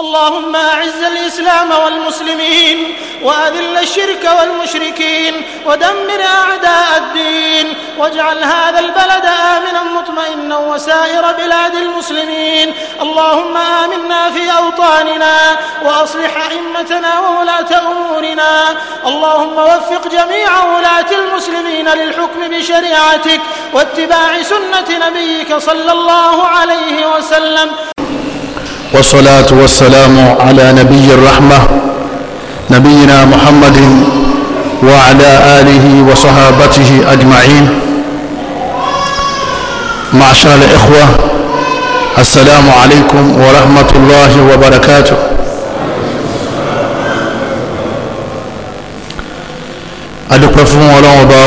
اللهم أعز الإسلام والمسلمين وأذل الشرك والمشركين ودمر أعداء الدين واجعل هذا البلد آمنا مطمئنا وسائر بلاد المسلمين اللهم آمنا في أوطاننا وأصلح أئمتنا وولاة أمورنا اللهم وفق جميع ولاة المسلمين للحكم بشريعتك واتباع سنة نبيك صلى الله عليه وسلم والصلاة والسلام على نبي الرحمة نبينا محمد وعلى آله وصحابته أجمعين معشر الإخوة السلام عليكم ورحمة الله وبركاته adúpẹ́ fún ọlọ́run ọba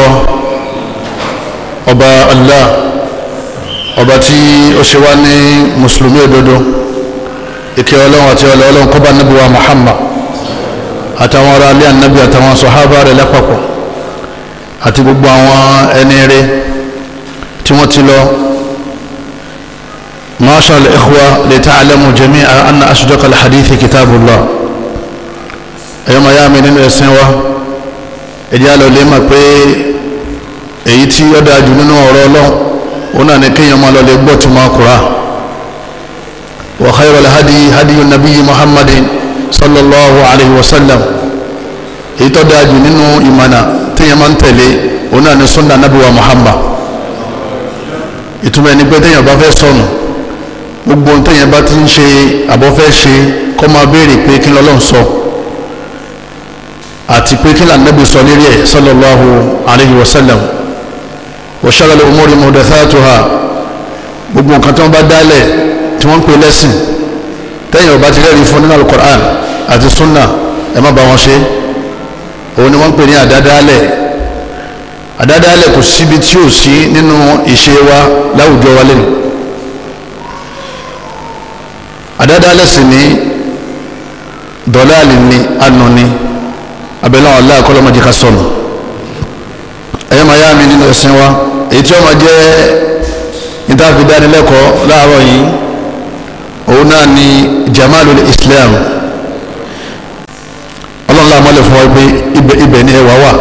ọba allah ọba tí ó ṣe wá ní mùsùlùmí òdodo ìkẹ́ ọlọ́run àti ọlọ́ ọlọ́run kó bá níbi wa Muhammad àtàwọn ará alẹ́ ànábì àtàwọn sọ̀hábà rẹ̀ lápapọ̀ àti gbogbo àwọn ẹni rẹ̀ tí wọ́n ti lọ معاشر الإخوة لتعلموا جميعا أن أصدق الحديث كتاب الله أيما يا من السنوة ìjálò lè mọ̀ pé èyí tí ó dáa jù nínú ọ̀rọ̀ Ọlọ́run òun náà ni kéèyàn máa lọ lè gbọ́ tó máa kura وخير الهدي هدي النبي محمد صلى الله عليه وسلم ìtọ́da jù nínú ìmọ̀nà téèyàn máa ń tẹ̀lé òun náà ni sunna nabi wa muhammad ìtumọ̀ ẹni pé téèyàn bá fẹ́ sọnù gbogbo ohun téèyàn bá ti ń ṣe àbọ̀ fẹ́ ṣe kó máa béèrè pé kí lọ́lọ́run sọ àti pé kí lànàbì sọ lérí ẹ̀ sallallahu alayhi wa sallam wa sharral umuri muhdathatuha gbogbo nǹkan tí wọ́n bá dálẹ̀ tí wọ́n ń pè lẹ́sìn tẹ́yìn ọba ti rẹ́rìí fún nínú alukoran àti sunna ẹ má bá wọn ṣe òun ni wọ́n ń pè ní àdádálẹ̀ àdádálẹ̀ kò síbi tí ò sí nínú ìṣe wa láwùjọ wa lẹ́nu àdádálẹ̀ sì ní dọ̀láàlì ni ànú ni abẹ́láwọn aláàkọ́lọ́mọdé ká sọnù ẹ̀yọ́ máa yá mi nínú ẹ̀sìn wa èyí tí wọ́n máa jẹ́ ìtàkùn dánilẹ́kọ̀ọ́ láàárọ̀ yìí òun náà ni jamalul islam ọlọ́run láàmú lè fún wa pé ibẹ̀ ibẹ̀ ni ẹwà wà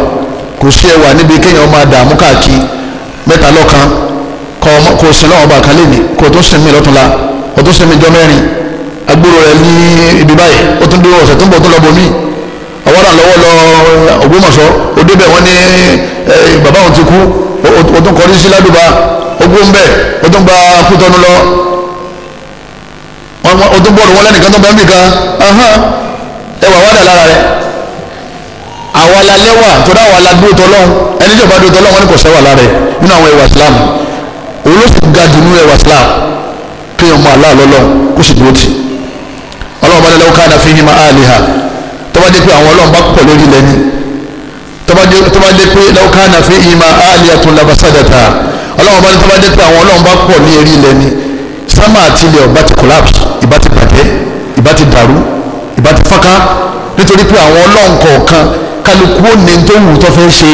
kò sí ẹwà níbi kéèyàn máa dààmú káàkiri mẹ́ta kò lọ́wọ́ bá kan léni kò tún sinmi lọ́túnla kò tún sin jọ mẹ́rin agbóró rẹ ní ibi báyìí ó tún dúró ọ̀sẹ̀ tó ń bọ̀ tó lọ eh, ó débẹ̀ wọ́n ní eh, bàbá òun ti kú ó tún kọrí sí o tún bọ́ọ̀lù wọn lẹ́nìkan tó bẹ́ẹ̀ bì kan ẹwà wà dà lára rẹ àwa la lẹ́wà tó dá àwa la dúró tọ́lọ́ ẹni tí o bá dúró tọ́lọ́ wọn ni kò sẹ́wà lára rẹ nínú àwọn ẹwà Islam òun ló sì ga jù nínú ẹwà Islam kí ọmọ aláàlọ́lọ́ kó sì dúró tì ọlọ́run bá lẹ́lẹ́wọ́ káàdà fi hima àlìhà tó bá jẹ́ pé àwọn ọlọ́run bá pọ̀ lórí ilẹ̀ ni tó bá jẹ́ pé lẹ́wọ́ káàdà fi hima àlìhà tó labasádàtà ọlọ́run bá lẹ́tọ́ bá jẹ́ pé àwọn ọlọ́run bá pọ̀ ní eré ilẹ̀ ni sámà àti ilẹ̀ ọba ti collapse ìbá ti bàjẹ́ ìbá ti dàrú ìbá ti fọ́nká nítorí pé àwọn ọlọ́run kọ̀ọ̀kan kálukú ó ní tó wù tó fẹ́ ṣe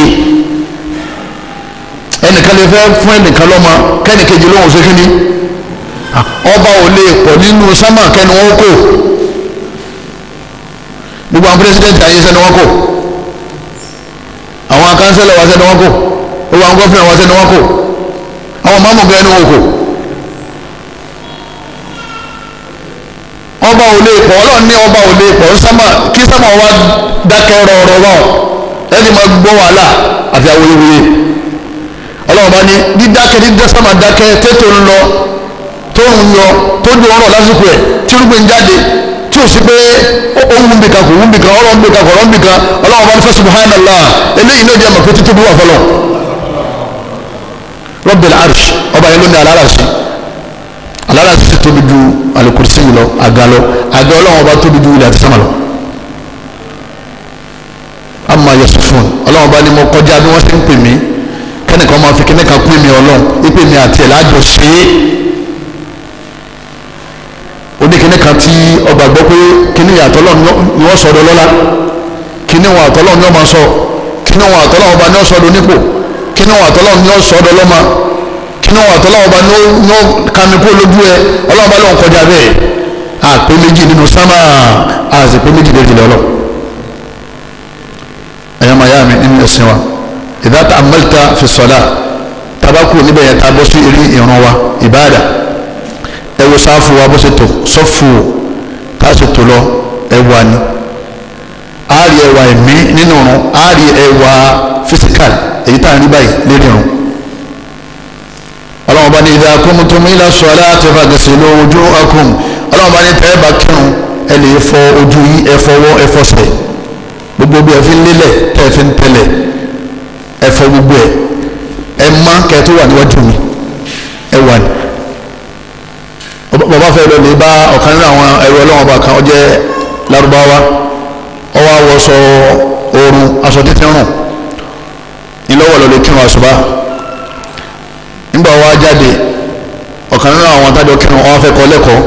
ẹnìkan lè fẹ́ fún ẹnìkan lọ́mọ kẹ́nìkejì lóhùn ṣe kíni ọba ò lè pọ̀ nínú sámà kẹ́ni wọ́n kò gbogbo àwọn pírẹsidẹ́ntì ayé sẹ́ni wọ́n kò àwọn kánsẹ́lọ̀ wa sẹ́ni wọ́n kò gbogbo àwọn gọ́fìnà wa sẹ́ni wọ́n kò àwọn mọ́mọ́gá ẹni wọ́n kò. ọba ò lè pọ̀ ọlọ́run ní ọba ò lè pọ̀ sẹ́mà kí sẹ́mà wa dákẹ́ rọ̀rọ̀ rọ̀ ẹni máa gbọ́ wàhálà àti awuyewuye ọlọ́run bá ní dídákẹ́ dídá sẹ́mà dákẹ́ tètò ń lọ tó ń lọ tó ń rọ̀ lásìkò ẹ̀ tí irúgbìn jáde tí ò sí pé ó ń wúbi kan kò wúbi kan ọlọ́run bí kan kò ọlọ́run bí kan ọlọ́run bá ní fẹ́ subhanallah eléyìí ló jẹ́ mọ̀ pé títí bí wà fọlọ́ Rabbil ọba yẹn ló ní aláràṣí aláràṣí ti tóbi ju alukurusi yìí lọ àga lọ àga ọlọ́wọ́n bá tóbi ju ilẹ̀ àti sámà lọ. ama yasufun ọlọ́wọ́n bá ní mo kọjá bí wọ́n ṣe ń pè mí kẹ́nìkan máa fi kẹ́nìkan pè mí ọlọ́run ìpè mí àti ẹ̀ lájọ ṣe é kan tí ọgbà gbọ́ pé kíní àtọ́lọ́ ni wọ́n sọ̀dọ̀ lọ́la kíní wọn àtọ́lọ́ ni wọ́n máa sọ kíní wọn àtọ́lọ́ ọba ni wọ́n sọ̀dọ̀ nípò kíní wọn àtọ́lọ́ ni wọ́n sọ̀dọ̀ lọ́mọ inú wọn àtọ́láwọ̀ bá ní ó kánú kó lójú ẹ ọlọ́run bá lọ́n kọjá bẹ́ẹ̀ àpé méjì nínú sámà àzìpé méjì lè jìlẹ̀ ọlọ́ yá mi nínú ẹ̀sìn wa ìdáta amẹ́ta fi sọ̀dá tabakú níbẹ̀ yẹn tá a bọ́ sí eré ìrún wa ìbáàdà ẹ wo sáfù wa bó ṣe tò sọ́fù tá a ṣe tò lọ ẹ wà ní àárí ẹwà ẹ̀mí nínú ọ̀run àárí ẹwà fisikal èyí tá a rí báyìí lérí ọ̀run ọlọ́run bá ní idha qumtum ila salati faghsilu wujuhakum ọlọ́run bá ní tẹ́ bá kírun ẹ lè fọ ojú yín ẹ fọwọ́ ẹ fọsẹ̀ gbogbo bí ẹ fi ń lélẹ̀ tẹ́ ẹ fi ń tẹ́lẹ̀ ẹ fọ gbogbo ẹ ẹ má kẹ́ tó wà níwájú mi ẹ wà ní. bàbá fẹ́ lọ lè bá ọ̀kan nínú àwọn ẹrú ọlọ́run bá kan ọjẹ́ lárúbáwá ọwọ́ àwọ̀sọ oorun aṣọ títí rùn ìlọ́wọ̀ lọ lè kírun àṣùbà nígbà wa jáde ọ̀kan nínú àwọn tájọ kírun ọ̀hún afẹ́kọ̀ọ́ lẹ́kọ̀ọ́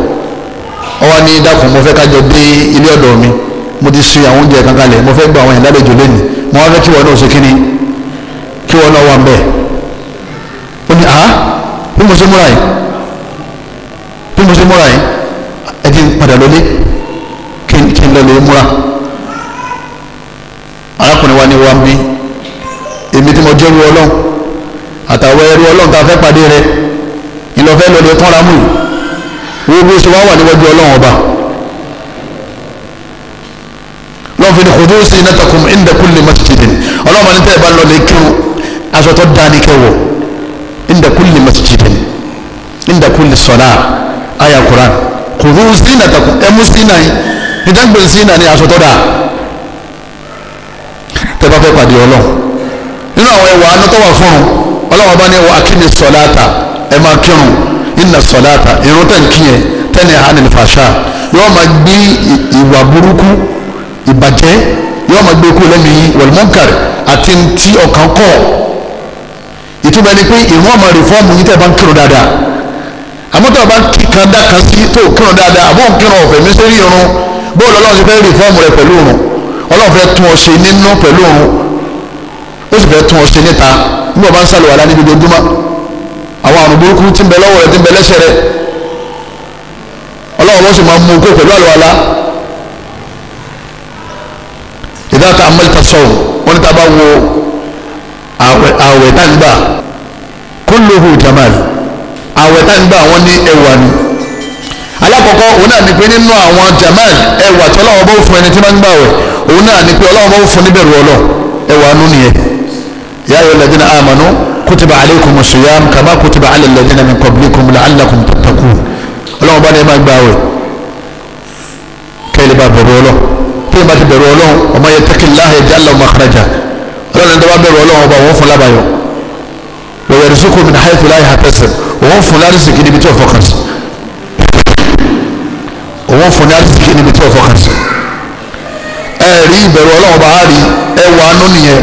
ọwọ́ ní dákun mo fẹ́ kájọ dé ilé ọ̀dọ̀ mi mo ti ṣe àwọn oúnjẹ kankan lẹ̀ mo fẹ́ gba àwọn ìdálejò lẹ́nu mo wá fẹ́ kí wọn náà ṣe kíni kí wọn náà wà ń bẹ̀ ó ní àá bí mo ṣe múra yìí bí mo ṣe múra yìí ẹ ti padà kí wa ni wa ń tá a fẹ́ pàdé rẹ ìlọ́fẹ́ lọ́dẹ tán ra mú yìí wo bí o ṣe wá wà níwájú ọlọ́run ọba lọ́n fi ni kò tó ṣe iná takùn inda kulli masjidin ọlọ́run ọba ní tẹ́ ẹ bá lọ lè kírun aṣọ tó dání kẹwọ̀ inda kulli masjidin inda kulli sọ̀lá aya Qur'an kò tó ṣe iná takùn ẹ mú sínà yìí ìdáǹgbè sínà ni aṣọ tó dáa tẹ́ bá fẹ́ pàdé ọlọ́run nínú àwọn ẹwà anú fún un ọlọ́wọ́n bá ní wa akíni sọ̀láta ẹ máa kírun iná sọ̀láta irun tẹ̀ ń kíyẹn tẹ́lẹ̀ hàn ní fàṣà yóò máa gbé ìwà burúkú ìbàjẹ́ yóò máa gbé kú lẹ́mìí wọ̀lmọ́nkàrì àti ti ọ̀kan kọ̀ ìtumọ̀ ẹni pé ìrun ọmọ rìfọ́ọ̀mù yìí tẹ̀ bá ń kírun dáadáa àmọ́tọ́ bá kíkan dáka sí tó kírun dáadáa àbọ̀ ń kírun ọ̀fẹ́ mi sórí irun bóòlù ọlọ́run ti fẹ́ rìfọ́ọ̀mù rẹ pẹ̀lú irun ọlọ́run fẹ́ tún ọ ṣe nínú pẹ̀lú irun ó sì fẹ́ tún ọ ṣe ní ọba ń sàlùwàlá ní dojoojúmọ́ àwọn àrùn burúkú ti ń bẹ lọ́wọ́ rẹ̀ ti ń bẹ lẹ́sẹ̀ rẹ̀ ọlọ́wọ́ wọ́n sì máa mú kó pẹ̀lú àlùwàlá ìdáta amẹ́tẹ̀sọ̀rọ̀ wọ́n ní ta bá wo àwẹ̀ tángbà kulluhu jamal àwẹ̀ wọ́n ní ni alákọ̀ọ́kọ́ òun náà ní pé nínú àwọn jamal tí ọlọ́wọ́ fún ẹni tí ń òun náà يا أيها الذين آمنوا كتب عليكم الصيام كما كتب على الذين من قبلكم لعلكم تتقون ọlọ́run bá ní ẹ máa gba àwẹ̀ kẹ́lẹ́ bá bẹ̀rù ọlọ́run tí ẹ bá ti bẹ̀rù ọlọ́run ọmọ yẹn tẹ́kì láàyè jálá ọmọ àkàràjà ọlọ́run tó bá bẹ̀rù ọlọ́run ọba òun fún lábàáyọ wọ̀yẹ̀ rìsíkò mi náà hàìfù láyé hàtẹ́sẹ̀ òun fún lárísìkì níbi tí ò fọkàn sí òun fún lárísìkì níbi tí ò fọkàn sí ẹ̀ẹ́rì ìbẹ̀rù ọlọ́run ọba á rí ẹwà anú nìyẹn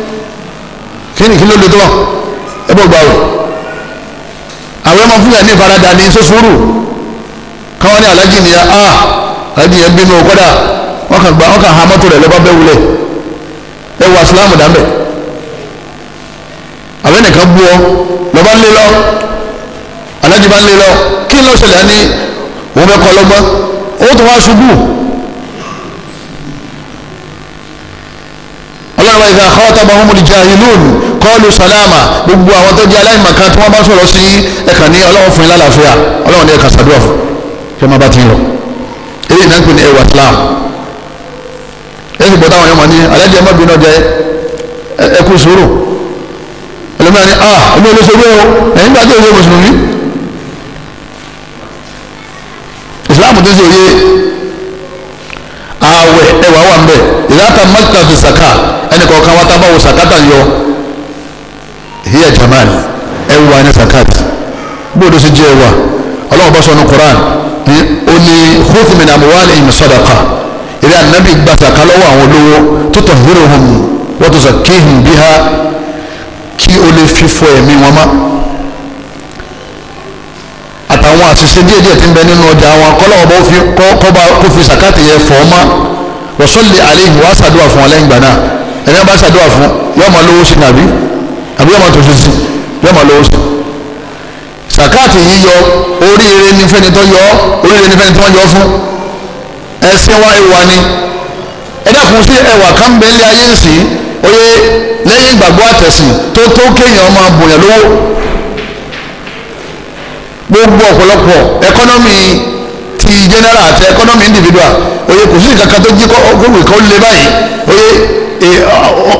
kí ni kí ló lè tó bá ẹ bọ́ gba àwẹ̀ àwẹ̀ máa fún yà ní ìfaradà ní sọ́sùúrù káwọn ní alájì ni a ah, alájì yẹn bínú kọ́dà wọ́n kàn gba wọ́n kàn ha mọ́tò rẹ̀ lọ́ba bẹ́ẹ̀ wulẹ̀ ẹ wọ asilamu dàmbẹ̀ àwẹ̀ nìkan bú ọ lọ́ba ń lé lọ alájì bá ń lé lọ kí ló ṣẹlẹ̀ á ní òun bẹ́ kọ́ lọ́gbọ́n owó tó wá ṣubú. ọlọ́run ìgbà khatabahum al-jahilun qalu salama gbogbo àwọn tó jẹ́ aláìmọ̀kan tí wọ́n bá sọ̀rọ̀ sí ẹ̀ka ní ọlọ́run fún yín ọlọ́run ní ẹ̀ka sàdúrà fún kí wọ́n bá ti ń lọ. eré iná ń pè ní ẹwà islam ẹ̀sìn bọ́tà ọmọ ní alájẹ mọ́bìnrin ọjà ẹkú sòrò ẹlòmíràn ní ah ẹ̀mí olóṣèlú ẹ̀ tábà wo sàkátà yọ hiya jamal ẹwà ní sàkátì bóòdù sì jẹ́ ẹwà ọlọ́run bá sọ ní Quran ní o ní khudh min amwalihim sadaqa eré anabi gba sàká lọ́wọ́ àwọn olówó tutahhiruhum wa tuzakkihim biha kí o lè fífọ ẹ̀mí wọn mọ́ àtàwọn àṣìṣe díẹ̀díẹ̀ tí ń bẹ nínú ọjà wọn kọ́lọ́wọ́ bá kó fi sàkátì yẹn fọ́ ọ mọ́ wa salli alayhi wàá sàdúrà fún ọ ẹni wọn bá ṣàdúrà fún yóò máa lówó sí nàbí àbí yóò máa tuntun sí yóò máa lówó sí. sàkáàtì yíyọ oríire ní fẹ́ni tó yọ oríire ní fẹ́ni tó yọ fún ẹsẹ̀ wa ìwà ni ẹ dákun sí ẹwà kan bẹ ayé nsì oyè lẹ́yìn ìgbàgbọ́ àtẹ̀sìn tó tó kéèyàn máa bòyàn lówó gbogbo ọ̀pọ̀lọpọ̀ ẹkọ́nọ́mì ti general àti ẹkọ́nọ́mì individual oyè kò sí ìkankan tó jí kó wì kó lé báyìí oyè E,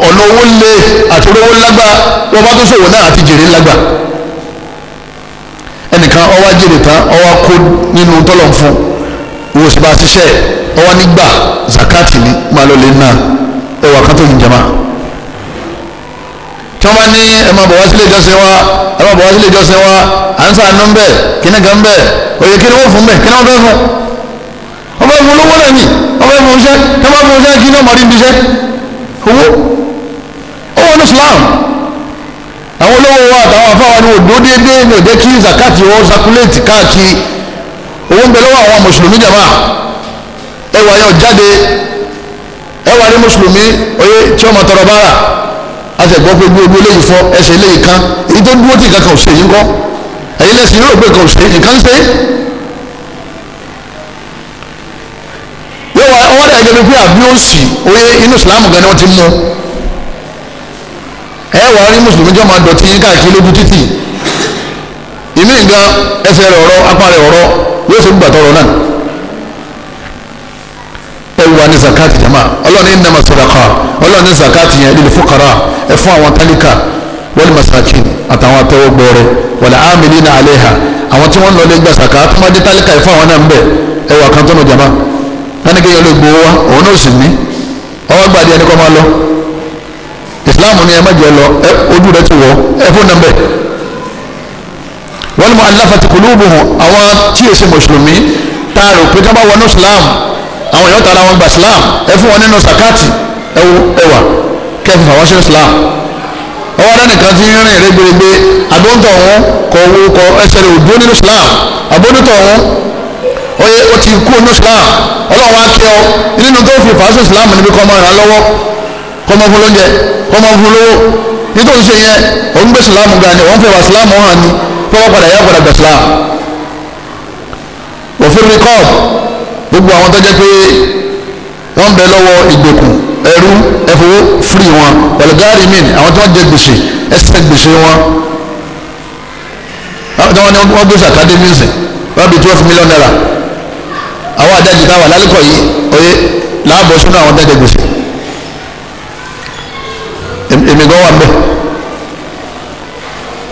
ọ̀nà owó lé àti olówó lágbára wọ́n bá tó ṣòwò náà àti jèrè lágbà ẹnìkan ó jèrè tán ó kó nínú tọ́lọ̀ fún wo sì bá ṣiṣẹ́ ó nígbà zakati ni máa lọ lè na ẹwà kan tó yin jama tí wọ́n bá ní ẹ máa bọ̀ wá sílé ìjọsìn wa ẹ máa bọ̀ wá sílé ìjọsìn wa à ń sàánú ń kíní kan bẹ̀ òye kíní wọ́n fún bẹ̀ kíní wọ́n fẹ́ fún wọ́n fẹ́ fún olówó náà ni wọ́n fún iṣẹ́ tí wọ́n bá fún iṣẹ́ kíní ọmọdé ń bí owó ó wọnú Islam àwọn olówó wa àtàwọn afáwa ni òdó déédéé ní òjé kí zakati wọn sakuléètì káàkiri owó ń bẹ lọ́wọ́ àwọn mùsùlùmí jàmá ẹwà yẹn jáde ẹwà ní mùsùlùmí oyè tí wọn tọrọ bára àtẹ̀gbọ́ pé gbogbo eléyìí fọ ẹsẹ̀ eléyìí kan èyí tó dúró tí nǹkan kan ò ṣe yín kọ́ ẹ̀yin lẹ́sìn yóò gbé kan ò ṣe nǹkan ń ṣe yóò wá ọwọ́ dàgẹ́ bí pé àbí ó sì oyè inú Islam gan ni wọ́n ti mú ẹ wà ní mùsùlùmí jọ́ máa dọ̀tí yín káàkiri lójú títì ìmí nǹkan ẹsẹ̀ rẹ̀ ọ̀rọ̀ apá rẹ̀ ọ̀rọ̀ yóò ṣe gbàtọ̀ ọ̀rọ̀ náà ẹ̀rù wa ní zakati jama ọlọ́run ní nàmà sọ̀dàkà ọlọ́run ní zakati yẹn lílẹ̀ fúkàrà ẹ̀ fún àwọn tálíkà wal masakin àtàwọn atẹ́wọ́ gbọ́ọ̀rẹ́ wal amilina aleha àwọn tí wọ́n lọ lé gbàsàkà tó má dé tálíkà ẹ̀ fún àwọn náà ń bẹ̀ ẹ̀wà kan tó nù jama wọ́n ní kéèyàn lè gbowó wá òun náà sì ní ọwọ́ gbàdí ẹni kọ́ máa lọ ìsìláàmù ni ẹ má jẹ lọ ojú rẹ ti wọ ẹ fún nàmbẹ wal mu'allafati qulubuhum àwọn tí èsì mùsùlùmí tá a rò pé ká bá wọnú islam àwọn èèyàn tara wọn gba islam ẹ fún wọn nínú sakati ẹwù ẹwà kẹfì fà wọn ṣe islam ọwọ́ rẹ nìkan ti rìn rẹ gbèrègbè àdóńtọ̀ wọn kọ̀ wọ kọ ẹsẹ̀ rẹ òdúró nínú islam àbóńtọ̀ wọn oye o ti kú onú islam ọlọ́run wa tẹ ọ nínú tó fi fàásù islam níbi kọ́ ọmọ rẹ̀ lọ́wọ́ kọ́ ọmọ fún lóúnjẹ kọ́ ọmọ fún lówó nítorí ṣe yẹn òun gbé islam ga ni òun fẹ́ wà islam hàn ni fọwọ́ padà yá padà bẹ̀ islam òfin mi kọ́ gbogbo àwọn tó jẹ́ pé wọ́n ń bẹ lọ́wọ́ ìgbèkùn ẹrú ẹfowó firi wọn ọ̀lẹ́gárì mi àwọn tó ń jẹ gbèsè ẹsẹ̀ gbèsè wọn àwọn tó ń gbèsè àkádémísì wọ́n twelve million naira àwọn àjájì táwọn lálùkọ̀ yìí oyè láàbọ̀ sínú àwọn tẹ́tẹ̀ gbèsè èmi gan wà ń bẹ̀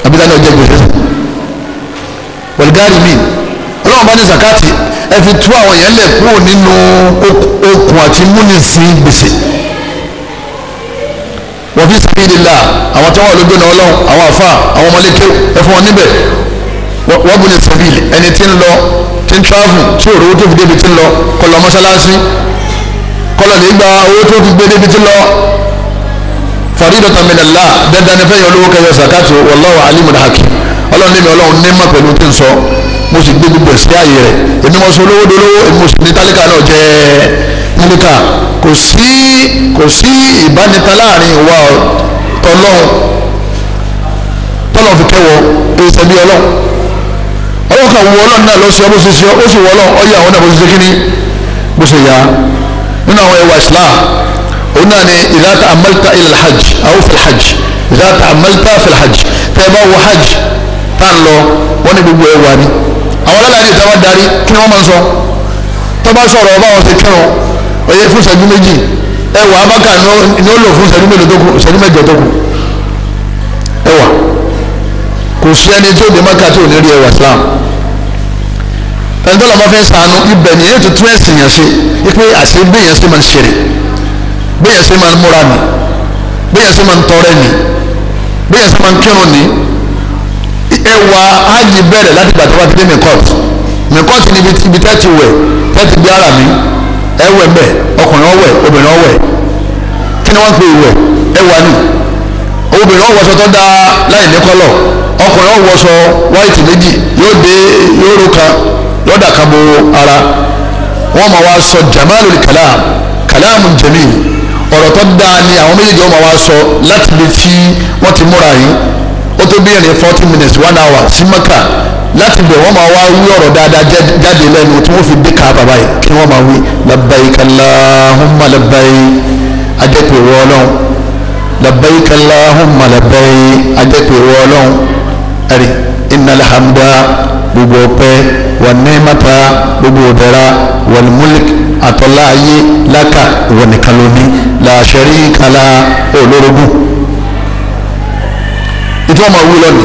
abidjan náà jẹ gbèsè wọ̀lgáàrì mi ọlọ́run bá ní zakati ẹ fi tú àwọn yẹn lẹ̀ kúrò nínú okùn àti múnisìn gbèsè wọ́n fi sabilillah àwọn tí wọ́n lójú náà ọlọ́run àwọn àfa àwọn ọmọléke ẹ fún wọn níbẹ̀ wọ́n bu ní sàbílì ẹni tí ń lọ tí ń travel tí òrò owó tó fi débi tí ń lọ kó lọ mọ́sálásí kọlọ̀ lè gba owó tó fi gbé débi tí ń lọ faridatan minallah dandan ni fẹ́yìn olówó kẹyọ zakatu wallahu alimun hakim ọlọ́run lèmi ọlọ́run ní mọ̀ pẹ̀lú tí ń sọ mo sì gbé gbogbo ẹ̀sìn ààyè rẹ̀ èmi wọn sọ olówó dolówó èmi mo sì ní tálíkà náà jẹ́ mílíkà kò sí kò sí ìbánita láàrin ìwà ọlọ́run tọ́lọ́ fi kẹwọ́ èsẹ̀ bí ọlọ́run ọkàn wọ ọlọ́run náà lọ sí ọ bó ṣe ṣe ó sì wọ ọlọ́run ọyẹ àwọn náà bó ṣe ṣe kí ni bó ṣe yá nínú àwọn ẹwà islam òun náà ni idha ta'ammalta ila al-hajj aw fi al-hajj idha ta'ammalta fi al-hajj tẹ́ ẹ bá wọ hajj tá ń lọ wọ́n ní gbogbo ẹwà ni àwọn alága ni ìtawà darí kí wọ́n máa sọ tó sọ̀rọ̀ ọba wọn ṣe kírun oyè fún ṣẹ́jú méjì ẹwà abáka ni ó lò fún ṣẹ́jú mélòó tó kù ṣẹ́jú mẹ́jọ ẹwà kò sí ẹni tí ó dé mọ́kà ní rí ẹwà islam ẹni tó lọ́mọ fi ń sànú ibẹ̀ ni yóò tuntun ẹ̀sìn yẹn ṣe ipe àṣẹ bẹ́yẹn ṣe máa ń ṣeré bẹ́yẹn ṣe máa ń múra ni bẹ́yẹn ṣe máa ń tọrẹ ni bẹ́yẹn ṣe máa ń kírun ni ẹwà hajj bẹ̀rẹ̀ láti gbàtọ́ bá ti dé mikọ́t mikọ́t níbi ibi tẹ́tù wẹ̀ tẹ́tù bí ara mi ẹwẹ̀ mbẹ ọkùnrin ọwẹ̀ obìnrin ọwẹ̀ kí ni wọ́n pe ìwẹ̀ ẹwà ni obìnrin ọwọ́ sọtọ́ dáa láì ní kọ́lọ̀ ọkùnrin ọwọsọ wáìtì méjì yóò dé yóò kan yóò kan bo ara wọn máa wá sọ jamalul kalam kalam jamil ọ̀rọ̀ tó dáa ni àwọn méjèèjì wọn máa wá sọ láti lè fi wọn ti múra yín ó tó bí ẹ̀rìn forty minutes one hour sí mẹ́kà láti bẹ̀ wọ́n máa wá wí ọ̀rọ̀ dáadáa jáde lẹ́nu tí wọ́n fi dé ká bàbá yìí kí wọ́n máa wí labbaika Allahumma labbaik ajẹ́pẹ̀ wọ́ ọlọ́run labbaika Allahumma labbaik ajẹ́pẹ̀ wọ́ ẹ̀rí innal hamda gbogbo ọpẹ́ wà nẹ́ẹ̀mẹ́ta gbogbo ọ̀dẹ́ra wal mulk àtọ́lá ayé láka ìwọ nìkan lóní la sharika la olórogún ìtí wọn máa wú lọ́nà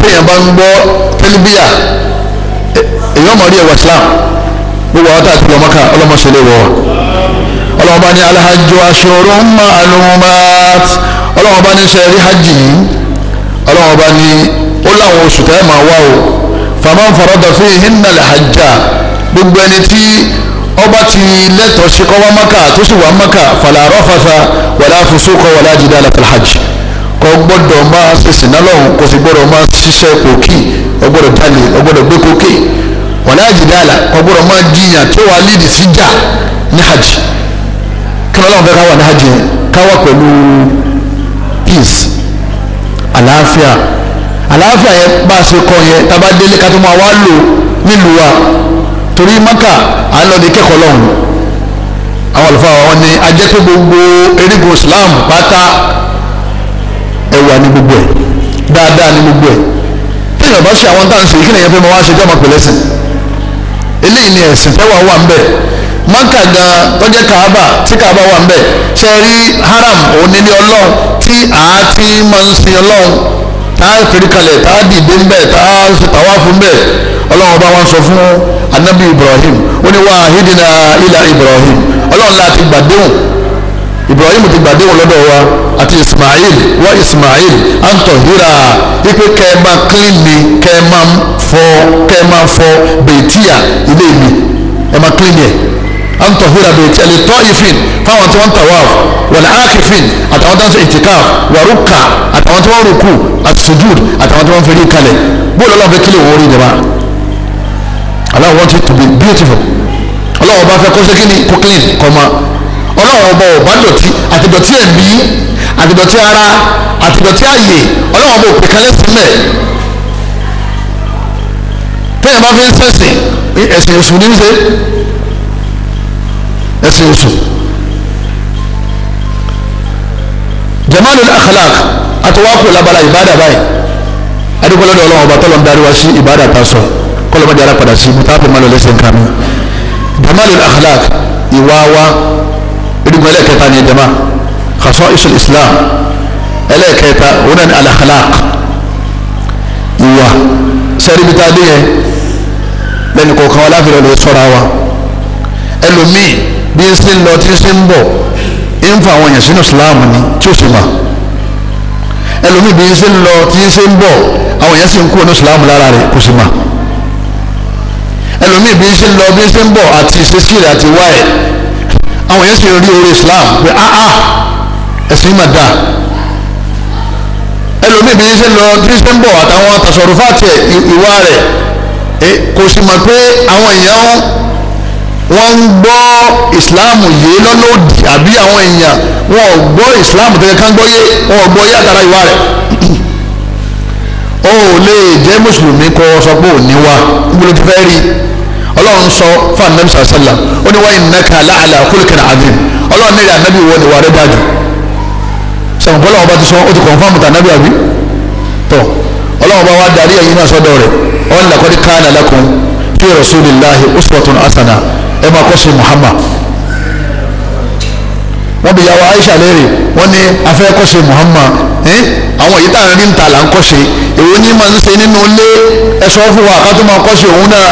téèyàn bá ń gbọ́ tẹ́lifíà èyí ọmọ rí ẹwà islam gbogbo àwọn tá a ti lọ mọ́ká ọlọ́mọṣẹ́lẹ̀ wọ̀ ọlọ́mọba ní alhajju ashurun ma'lumat ọlọ́mọba ní sẹ́ẹ̀rí hajj yìí ọlọ́run ọba ní ó láwọn oṣù tẹ́ máa wá o faman farada fihinna al-hajja gbogbo ẹni tí ọba ti lẹ́tọ̀ọ́ ṣe kọ́ wá maka tó sì wá maka fala rafatha wala fusuqa wala jidala fil hajj kò gbọ́dọ̀ máa ṣe sìnà lọ́hùn kò sì gbọ́dọ̀ máa ṣiṣẹ́ kòkì ó gbọ́dọ̀ jalè gbé kókè wala jidala ó gbọ́dọ̀ máa jiyàn tó wà lídìí sí jà ní hajj kí ni ọlọ́run fẹ́ ká ní hajj yẹn ká pẹ̀lú peace àlàáfíà àlàáfíà yẹn bá a ṣe kọ yẹn tába délé ká tó máa wá lò nílùú wa torí maka à ń lọ ní kẹ́kọ̀ọ́ lọ́hùn àwọn àlùfáà wọn ni a jẹ́ pé gbogbo erigun Islam pátá ẹwà ní gbogbo ẹ̀ dáadáa ní gbogbo ẹ̀ téèyàn bá ṣe àwọn táwọn ṣe kí nìyẹn fẹ́ máa wá ṣe jọ́ máa pè lẹ́sìn eléyìí ni ẹ̀sìn tẹ́wà wà ń bẹ̀ maka gan tó jẹ́ kaaba tí kaaba wà nbẹ̀ ṣe haram onílé ọlọ́run tí àá ti máa ń sin ọlọ́run tá a fèrè kalẹ̀ tá a dìde nbẹ̀ tá a ṣe tàwáfù nbẹ̀ ọlọ́run bá wọn sọ ibrahim ó ní wàá na ilà ibrahim ọlọ́run láti gbàdéhùn ibrahim ti gbàdéhùn wa ismail wa ismail antohira ipe kẹ́ẹ̀ma kílìmì kẹ́ẹ̀ma fọ kẹ́ẹ̀ma fọ bẹ̀tíà ilé mi ẹ̀ma an tọ̀húra bèètì ẹ̀lẹ́ tọ́ ìfin fáwọn tí wọ́n ń tawaf wọ̀lẹ̀ ákìfin àtàwọn tí wọ́n ń ṣe ìtìkáf wàrúkà àtàwọn tí wọ́n ń rúkú àti sùjúd àtàwọn tí wọ́n ń fẹ́rí kalẹ̀ bóòlù ọlọ́run fẹ́ kílè wọ́n rí ìjọba Allah want it to be beautiful Allah ọba fẹ́ kó ṣe kíni kó clean kọ́ ma Allah ọba ọba dọ̀tí àti dọ̀tí ẹ̀mí àti dọ̀tí ara àti dọ̀tí ààyè Allah ọba òpè kan lẹ́sìnlẹ̀ tẹ́yìn bá fi ń sẹ́sìn ẹ̀sìn òṣù ní í ṣe ẹsẹ̀ èso jamalul akhlaq àtọwákò labala ìbádà báyìí adigunlọ́dọ̀ ọlọ́run ọba tọ́lọ́ ń darí wa sí ìbádà tá a sọ kọ́lọ́ mọ́jà arápadà sí ibi táàpù máa lọ lẹ́sẹ̀ nǹkan mi jamalul akhlaq ìwà wa idigun ẹlẹ́kẹta ni jama khasaisul islam ẹlẹ́kẹta òun náà ni alakhlaq ìwà sẹ́ríbítà dé yẹn lẹ́nu kọ̀ọ̀kan láfi lọ́ọ́ sọ́ra wa ẹlòmíì bí ń ṣe ń lọ tí ń ṣe ń bọ̀ ń fa àwọn èèyàn sínú Islam ni tí ó sì mà ẹlòmíì bí ń ṣe ń lọ tí ń ṣe ń bọ̀ àwọn èèyàn sì ń kú inú Islam lára rẹ̀ kò sì mà ẹlòmíì bí ń ṣe ń lọ bí ń ṣe ń bọ̀ àti ìṣesí àti wá àwọn èèyàn sì ń rí orí Islam pé áá ah, ah, ẹ̀sìn mà dáa ẹlòmíì bí ń ṣe ń lọ tí ń ṣe ń bọ̀ àtàwọn àtàsọ̀rọ̀fà tẹ̀ ìwà rẹ̀ eh, kò sì mà pé àwọn èèyàn wọ́n ń gbọ́ ìsìláàmù yìí lọ́nà òdì àbí àwọn èèyàn wọn ò gbọ́ ìsìláàmù tẹ̀lé kán gbọ́ yé wọn ò gbọ́ yé àtàrà ìwà rẹ̀ o ò lè jẹ́ mùsùlùmí kọ́ sọ pé ò ní wa gbọ́dọ̀ ti fẹ́ rí ọlọ́run sọ fún anabi sàlẹ̀ ó ní wáyé nàkà láàlà kúlùkìnà àdìm ọlọ́run nílẹ̀ anabi wọ ni wà rẹ̀ dájú sọ̀rọ̀ pé ọlọ́run bá ti sọ ó ti kọ̀nfàmù tànàbí àbí tọ̀ ọlọ́run bá wá darí ẹ̀yin náà sọ́dọ̀ rẹ̀ ọ̀n làkọ́dí káàlà lakum fi rasulillahi uswatun hasana ẹ máa kọ́ sí Muhammad wọ́n bí yàwó Aisha léèrè wọ́n ní afẹ́ kọ́ sí Muhammad àwọn èyí tá à ń rí ń ta là ń kọ́ sí èwo ní máa ń ṣe nínú ilé ẹ sọ fún wa ká tó máa kọ́ sí òun náà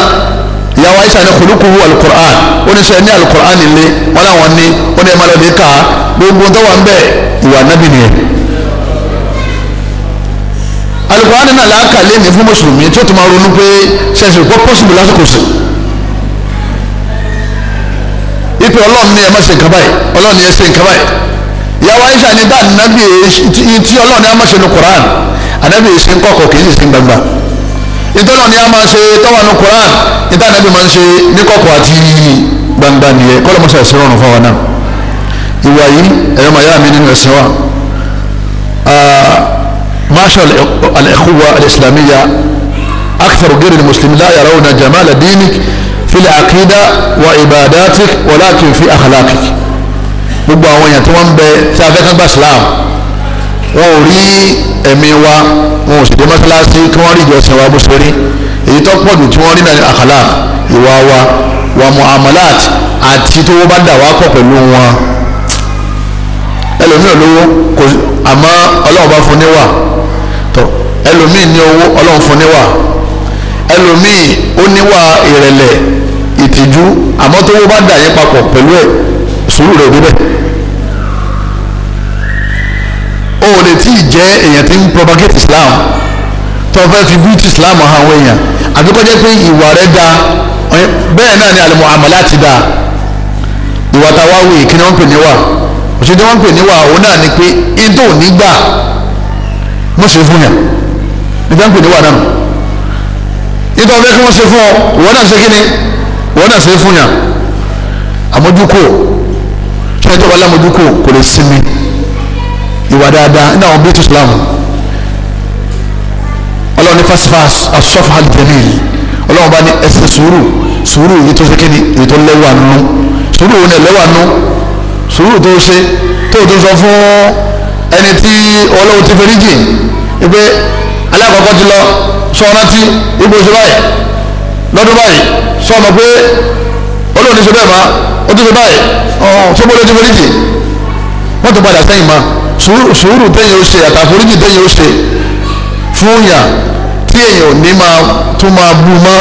yàwó Aisha ní kulukuhu alukur'an ó ní sẹ́ ní alukur'an ilé wọn làwọn ní ó ní ẹ máa lọ lè kà gbogbo tó wà ń bẹ̀ ìwà nábì nìyẹn alukur'an náà làákà lé ní fún mùsùlùmí tí ó ti máa ronú pé ṣẹ̀ṣẹ̀ pọ́ pọ́sibù lásìkò sí pé ọlọ́run ní ẹ má ṣe nǹkan báyìí ọlọ́run ní ẹ ṣe nǹkan báyìí ìyàwó aisha ní dá nàbí tí ọlọ́run ní ẹ má ṣe ní Quran ànábì ṣe ń kọ̀kọ̀ kì í sì ṣe ń gbangba ìtọ́nà ní a máa ṣe tọ́wọ́ ní Quran ìtọ́ ànábì máa ń ṣe ní kọ̀kọ̀ àti gbangba nìyẹn kọ́lọ́ mọ́ṣá ẹ̀sìn rọrùn fún wa náà ìwà yìí ẹ̀yọ́ màá yá mi nínú ẹ̀sìn wa masha al-ikhwa al-islamiyya akthar ghayr al-muslimin la yarawna jamal dinik في العقيدة وعباداتك ولكن في أخلاقك gbogbo àwọn èèyàn tí wọ́n ń bẹ tí a fẹ́ kán gba Islam wọn ò rí ẹ̀mí wa wọn ò sì dé mọ́sálásí kí wọ́n rí ìjọsìn wa bó ṣe rí èyí tó pọ̀ jù tí wọ́n rí náà ní àkàlà ìwà wa wa muamalat àti tó wọ́n bá dà wá pọ̀ pẹ̀lú wọn ẹlòmíì olówó kò àmọ́ Ọlọ́run bá fún níwà tó ẹlòmíì ní owó Ọlọ́run fún níwà ẹlòmíì ó níwà ìrẹ̀lẹ̀ ìtìjú àmọ́ tó wọ́n bá dà yín papọ̀ pẹ̀lú ẹ̀ sùúrù rẹ̀ níbẹ̀ o ò lè tí ì jẹ́ èèyàn tí ń propagate Islam tó fẹ́ fi beauty Islam hàn àwọn èèyàn àbí kó jẹ́ pé ìwà rẹ̀ da bẹ́ẹ̀ náà ni àlùmọ̀ àmàlà ti da ìwà táwa wì kí ni wọ́n pè níwà òṣèlú tí wọ́n pè níwà òun náà ni pé ètò nígbà mo ṣe fún yàn nígbà ń pè níwà náà nítorí wọ́n fẹ́ kí wọ́n ṣe fún ọ ìwọ náà ṣe kí ni wọn náà ṣe é fún yàn àmójúkò ṣẹlẹ tó bá lámójúkò kò lè sinmi ìwà dáadáa nínú àwọn bíi islam ọlọ́run ní fasifas asọ́fà jẹ́mìl ọlọ́run bá ní ẹsẹ̀ sùúrù sùúrù yìí tó ṣe kí ni èyí tó lẹ́wà nù sùúrù òun náà lẹ́wà nù sùúrù tó ṣe tó tó sọ fún ẹni tí ọlọ́run ti fẹ́rí jì alákọ̀ọ́kọ́ ti lọ sọ ọ́nà tí ibo ṣe báyìí lọ́dún báyìí sọ ma pé olóòní ṣe bẹ́ẹ̀ ma ó tún ṣe báyìí ṣé mo lè ti foríjì wọ́n tún padà sẹ́yìn ma sùúrù téèyàn ó ṣe àtàforíjì téèyàn ó ṣe fún yàn tí èèyàn ò ní máa tún máa bú mọ́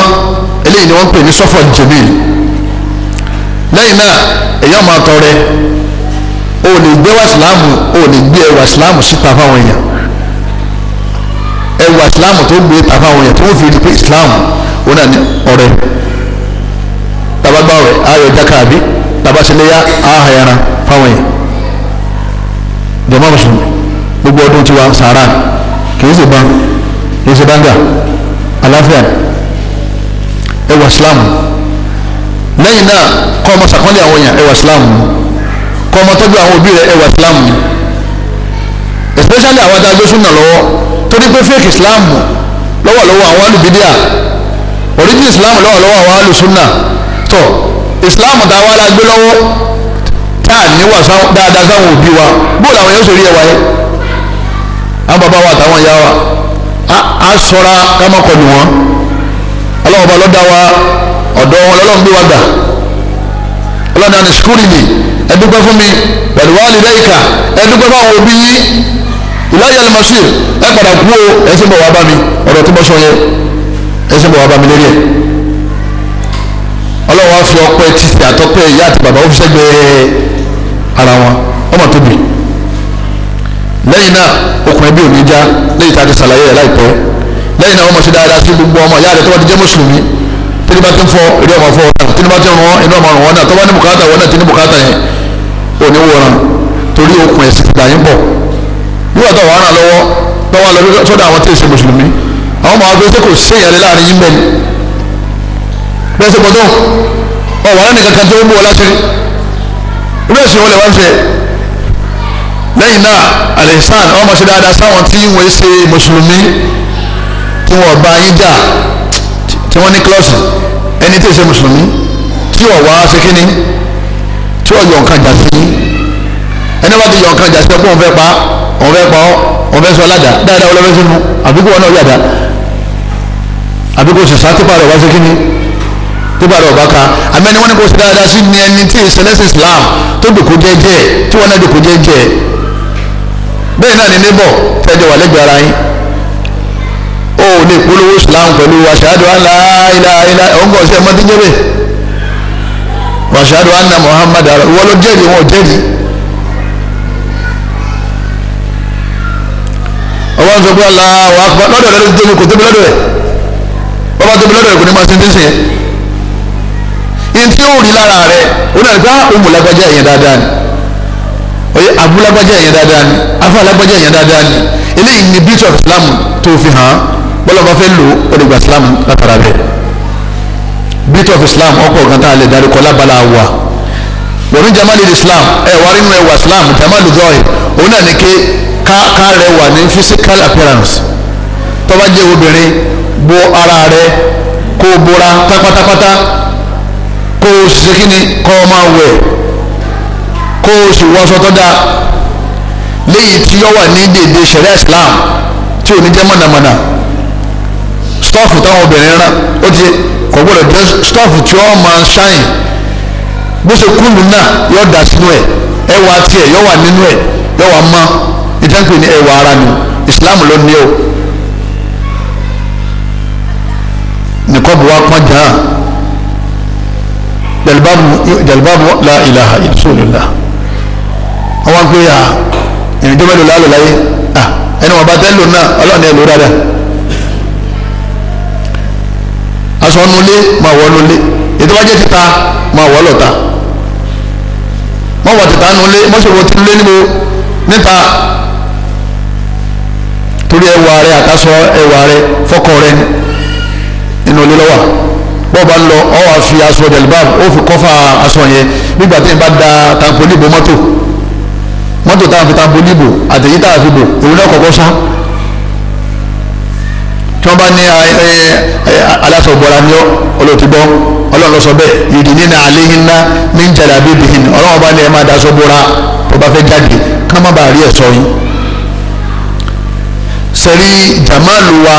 eléyìí ni wọ́n ń pè ní sọ́fọ̀ jẹ̀mí lẹ́yìn náà èèyàn máa tọrẹ o ò ní gbé wá síláàmù o ò ní gbé ẹwà síláàmù síta fáwọn èèyàn ẹwà síláàmù tó gbé ta fáwọn èèyàn tó ń fi rí pé síláàmù wọn náà ní ọrẹ tabagbawẹ ayọ jakabi tabasileya ahayara fáwọn yẹn jọmọ mùsùlùmí gbogbo ọdún tiwa sàrà kìí ṣe ban kìí ṣe banga àlàáfíà ẹwà islam lẹ́yìn náà kọ ọmọ sàkọlẹ àwọn èèyàn ẹwà islam kọ ọmọ tọ́jú àwọn òbí rẹ ẹwà islam especially àwọn adágbésùn náà lọ́wọ́ torí pé fake islam lọ́wọ́lọ́wọ́ àwọn alùbídíà oríjì islam lọ́wọ́lọ́wọ́ àwọn alùsùnà tó islam tá a wá la gbé lọ́wọ́ tá a níwà dáadáa sáwọn òbí wa bóòlù àwọn yóò sòrí ẹwà yẹ àwọn bàbá wa àtàwọn ìyá wa a sọra ká má kọlù wọn ọlọ́wọ́ bá lọ́dà wa ọ̀dọ́ wọn lọ́lọ́ gbé wa gbà ọlọ́dà ni skuli ni ẹdúpẹ́ fún mi pẹ̀lú wàhálì lẹ́yìnká ẹdúpẹ́ fún àwọn òbí yín ìlànà ìmọ̀sí ẹ padà kú o ẹ sì bọ̀ wá bá mi ọ̀rọ̀ tó bọ́ sọ yẹn ẹsẹ̀ bọ̀ wá bá mi lérí ẹ̀ ọlọ́wọ́ fi ọpẹ́ títí àtọ́pẹ́ ìyá àti bàbá ó fi sẹ́gbẹ́ ara wọn ọmọ tóbi lẹ́yìn náà okùn ẹbí òní já lẹ́yìn tá a ti ṣàlàyé ẹ̀ láìpẹ́ lẹ́yìn náà wọ́n mọ̀ sí dáadáa sí gbogbo ọmọ ìyá rẹ̀ tó bá ti jẹ́ mùsùlùmí tí ní bá ti ń fọ eré ọmọ fọ ọ̀tàn tí ní bá ti ń rán inú ọmọ ràn wọ́n náà tó bá ní bùkátà wọ́n náà ti ní bùkátà yẹn òní wòran torí okùn ẹ̀sìn ìgbà yín bọ̀ nígbà tó wàá ràn lọ́wọ́ tó wàá lọ sọ́dọ̀ àwọn tí ì àwọn máa fi ṣe kò sí ìyàrá láàrin yín bẹ́ẹ̀ ni bẹ́ẹ̀ pọ̀ tó ọ̀wá nìkan kan tó ń bọ̀ láṣẹ́rí irú ẹ̀sìn wọn lè lẹ́yìn náà alẹ́sàn àwọn máa ṣe dáadáa sáwọn tí wọ́n ṣe mùsùlùmí tí wọ́n bá yín jà tí wọ́n ní kílọ̀sì ẹni tí ì ṣe mùsùlùmí tí ọ̀wá ṣe kíni tí ọ̀yọ̀ nǹkan jà sí yín ẹni bá ti yọ̀ nǹkan jà sí ọ pé òun fẹ́ pa òun fẹ́ pa ọ́ òun fẹ́ sọ ládàá dáadáa wọlé sínú àbíkú wọn náà yàdá àbí kò sì sá tipa rẹ̀ wá sí kíni tipa rẹ̀ ọ̀bá ka àmẹ́ni wọ́n ní kò sí dáadáa sí ni ẹni tí ìṣẹ̀lẹ̀sì Islam tó dòkó jẹ́jẹ́ tí wọ́n náà dòkó jẹ́jẹ́ bẹ́ẹ̀ náà ní níbọ̀ tẹ́jọ wà lẹ́gbẹ̀ẹ́ ara yín ó lè polówó Islam pẹ̀lú aṣáájú àlá ilá ilá ọ̀ngọ̀ sí ẹ̀mọ́ tí jẹ́bẹ̀ aṣáájú àná Muhammad ara wọ́n ló jẹ́rìí wọn ò jẹ́rìí ọwọ́ ń sọ pé aláwọ̀ akpa lọ́dọ̀ lọ́dọ̀ tó tóbi kò tóbi lọ́dọ̀ rẹ̀ bàbá tóbi lọ́dọ̀ ẹ̀kọ́ ní máa ṣe ń dín sìn yẹn tí ó rí lára rẹ ó náà gbá ah, òmù lágbájá yẹn dáadáa ni oye abu lágbájá yẹn dáadáa ni afa lágbájá yẹn dáadáa ni eléyìí ni beauty of Islam tó fi hàn bọ́lá ọba fẹ́ lò ó lè gba Islam látara rẹ beauty of Islam ọkọ̀ kan tá a lè darí kọ́ lábala wa wọ́n jamali Islam ẹ̀ wá nínú ẹwà Islam jamali zọ́ọ̀yì òun náà ní ké ká ká rẹwà ní physical appearance tó bá jẹ́ obìnrin bo ara rẹ kó o bora pátápátá kó o sì ṣe kíni kó o máa wẹ̀ kó o tí yọ ní dèdè Islam tí o ní jẹ́ mọ̀nàmọ̀nà stọ́ọ̀fù táwọn obìnrin rán ó ti kò gbọ́dọ̀ jẹ́ stọ́ọ̀fù tí wọ́n máa ń bó ṣe kúlù náà yọ dà sínú ẹ̀ ẹwà tiẹ̀ yọ wà nínú ẹ̀ yọ wà mọ́ ara ni Islam ló ní nìkan bu wa pọn jàn jalibamu la ilaha illallah wọn wá pé à ìrìn tó mẹ́lò lálọ́ láyé à ẹni wọn bá tẹ́ lò náà ọlọ́ọ̀ni ẹ̀ lò dáadáa aṣọ nulẹ̀ máa wọ̀ nulẹ̀ ètò wájú ti ta máa wọ̀ lọ́ta mọ̀wọ̀ ti ta nulẹ̀ mọ̀ṣọ̀wọ̀ ti nulẹ̀ níbo níta torí ẹwà rẹ àtàṣọ ẹwà rẹ fọkọ rẹ ni inú ilé lọ́wọ́ bọ́ọ̀bá ń lọ ọ wá fi aṣọ jẹ̀lúbáàbù ó fi kọ́fà aṣọ yẹn nígbà tí n bá da tampoli bo mọ́tò mọ́tò tá a fi tampoli bo àtẹ̀yí tá a fi bò òun náà kọ́kọ́ sán tí wọ́n bá ní aláṣọ bọ̀ra ní olóòtú bọ́ ọlọ́run lọ sọ bẹ́ẹ̀ yìí nínú àléhìnná ní jàdá bíbí hin ọlọ́run bá ní ẹ máa daṣọ bọ̀ra tó bá fẹ́ jáde ká má bàa rí ẹ̀ sọ yín sẹ́rí jàmáàlú wa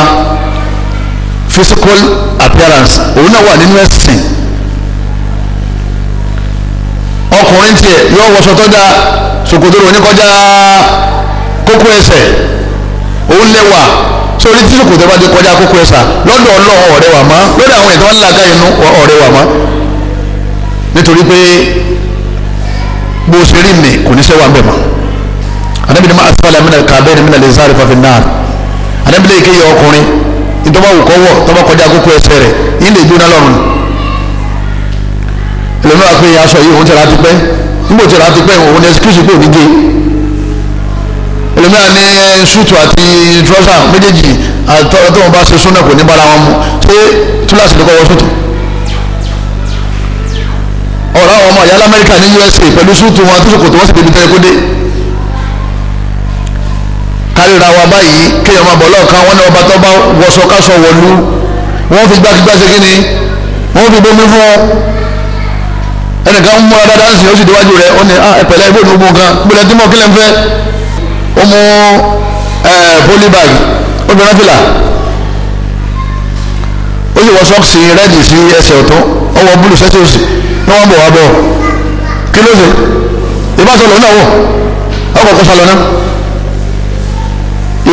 physical appearance òun náà wà nínú ẹ̀sìn ọkùnrin tiẹ̀ yóò wọṣọ tó dáa ṣòkòtò rò ní kọjá kókó ẹsẹ̀ òun lẹ́wà sórí tí ṣòkòtò bá ti kọjá kókó ẹsẹ̀ lọ́dọ̀ ọlọ́run ọ̀rẹ́ wà má lọ́dọ̀ àwọn ètò ńlá ká inú ọ̀rẹ́ wà má nítorí pé bó ṣe rí mi kò ní sẹ́wà ń bẹ̀ mọ́ anábìnrin máa sálẹ̀ mí nà kábẹ́ẹ̀ni mí nà lè sáré fàfin náà anábìnrin kéye ọkùnrin tọ́ba wù kọ́ wọ̀ tọ́ba kọjá kókó ẹsẹ̀ rẹ̀ yín lè gbóná lọ́rùn ẹlòmíràn pé aṣọ yìí òun tẹ̀ra ti pẹ́ nígbà tẹ̀ra ti pẹ́ òun ní ẹsikúsù pé gé ẹlòmíràn ní ṣúùtù àti trọ́sà méjèèjì àtọ́wọ́n bá ṣe súnà kò ní bára wọn mu ṣé túláàsì ló kọ́ wọ ṣúùtù ọ̀rọ̀ àwọn ọmọ ìyá lamẹ́ríkà ní USA pẹ̀lú ṣúùtù wọn àtúnṣe kòtò wọ́n sì débi tẹ́lẹ̀ kó dé ríra wa báyìí kéèyàn máa bọ̀ lọ́ọ̀kan wọn ní ọba tó bá wọṣọ káṣọ wọ̀lú wọ́n fi gbákigbá ṣe kí ni wọ́n fi bomi fún ọ ẹnìkan mú ara dáadáa sí i ó sì déwájú rẹ ó ní ah, ẹ̀pẹ̀lẹ́ ibò ìnú gan gbọ́dọ̀ tí mo kílẹ̀ ń fẹ́ ó mú poli bag obìnrin fìlà ó sì wọ sọ́ọ̀sì rẹ́ẹ̀dì sí ẹsẹ̀ ọ̀tún ó wọ búlù sẹ́sẹ̀ òsì ní wọ́n bọ̀ wá bọ̀ kí ló ṣe ìbáṣọ lòun náà wọ̀ ọkọ̀ kọ́sà lọ náà.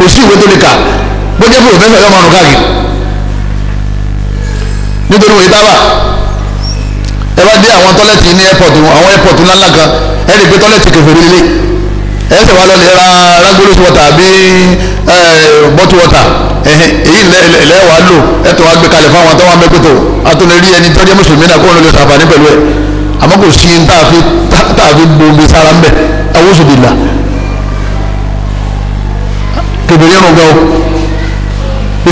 kò sí ìwé tó lè kà bó jẹ́ pòfẹ́sọ̀ yọ márùn káàkiri nítorí wòye tábà ẹ bá dé àwọn tọ́lẹ́tì ní airport àwọn airport ńláńlá kan ẹ lè gbé tọ́lẹ́tì kẹfẹ́rẹ́ lé ẹ sì wá lọlẹ́ ra rágbóló wọ́tà àbí bọ́tù wọ́tà èyí lẹ́ wàá lò ẹ tó wá gbé kalẹ̀ fáwọn tó wá mẹ́kótó àtúnlẹ̀ rí ẹni tọ́jú mùsùlùmí náà kó wọn lè sàǹfààní pẹ̀lú ẹ̀ àmọ́ kò sí ní tààfi gbòǹgbò sára ń bẹ̀ awúsùdìlà kèbèrè rùn gan o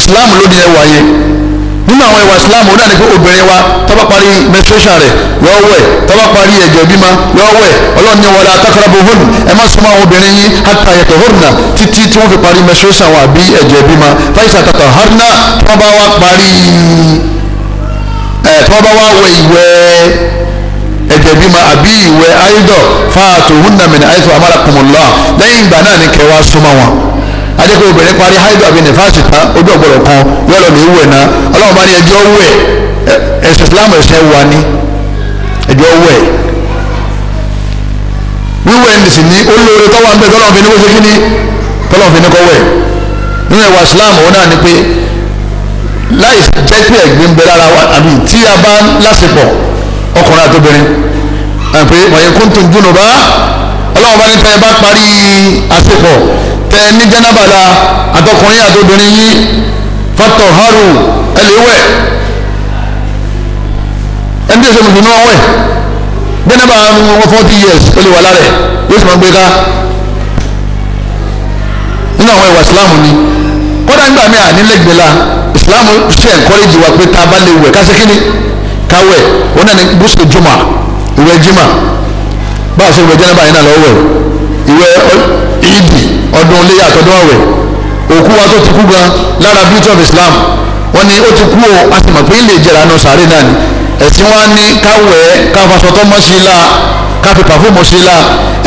islam ló ní ẹwà yẹn nínú àwọn ẹwà islam ó dàní pé obìnrin wa tó bá parí menstruation rẹ̀ yọ wẹ̀ tó bá parí ẹ̀jẹ̀ bímọ yọ wẹ̀ ọlọ́run ní wala taqrabuhun ẹ má súnmọ́ àwọn obìnrin yín hatta yatahurna títí tí wọ́n fi parí menstruation wọn àbí ẹ̀jẹ̀ bímọ faiza tataharna tí wọ́n bá wá parí ẹ̀ tí wọ́n bá wá wẹ̀ ìwẹ̀ ẹ̀jẹ̀ bímọ àbí ìwẹ̀ áyídọ̀ fa'atuhunna min adékòó obìnrin parí haidu àbí nífàsì tán ojú ọ̀gbọ̀rọ̀ kan yóò lọ lè wẹ̀ náà ọlọ́run bá ní ẹjọ́ wẹ̀ ẹ̀sìn islam ẹ̀sìn wa ni ẹjọ́ wẹ̀ wíwẹ̀ ní sì ní olóore tọ́wọ́ àbẹ̀ tọ́lọ́run fi ní kó ṣe kí ni tọ́lọ́run fi ní kó wẹ̀ nínú ẹ̀wà islam òun náà ni pé láì jẹ́ pé ẹ̀gbin bẹ lára wa àbí tí a bá lásìkò ọkùnrin àtobìnrin àpè wọ̀nyẹ̀kùn tó ń dúnú bá ọlọ́run bá ní tẹ́ ẹ bá parí àsìkò ẹ ní jẹnabala àtọkùnrin àtobìnrin yín fọtọ haru ẹlẹwẹ ẹni tí o ṣe mùsùlùmí wọn wẹ jẹnaba wọn forty years ó lè wà lára ẹ yóò sì máa gbé ká nínú àwọn ìwà ìsìlámù ni kódà nígbà míì ànílégbèlà ìsìlámù ṣe ẹ̀kọ́rẹ́jì wa pé tá a bá lè wẹ̀ ká ṣe kí ni ká wẹ̀ wọn náà ní bùsùn jùmọ̀ ìwẹ̀ jimá bá a ṣe wẹ̀ jẹnaba yẹn náà lọ́wọ́ ìwẹ̀ ìdì ọdún iléyà atọdụ ọ̀wẹ̀ òkú wa tó ti kú gan lára beauty of Islam wọn ni ó ti kú o a sì mọ̀ pé ilé ìjẹ̀rà nù sàárè náà ni ẹ̀sìn wa ni káwẹ̀ káfasọ tó mọ́ sí i la káfí pàfọ́ọ̀mù sí i la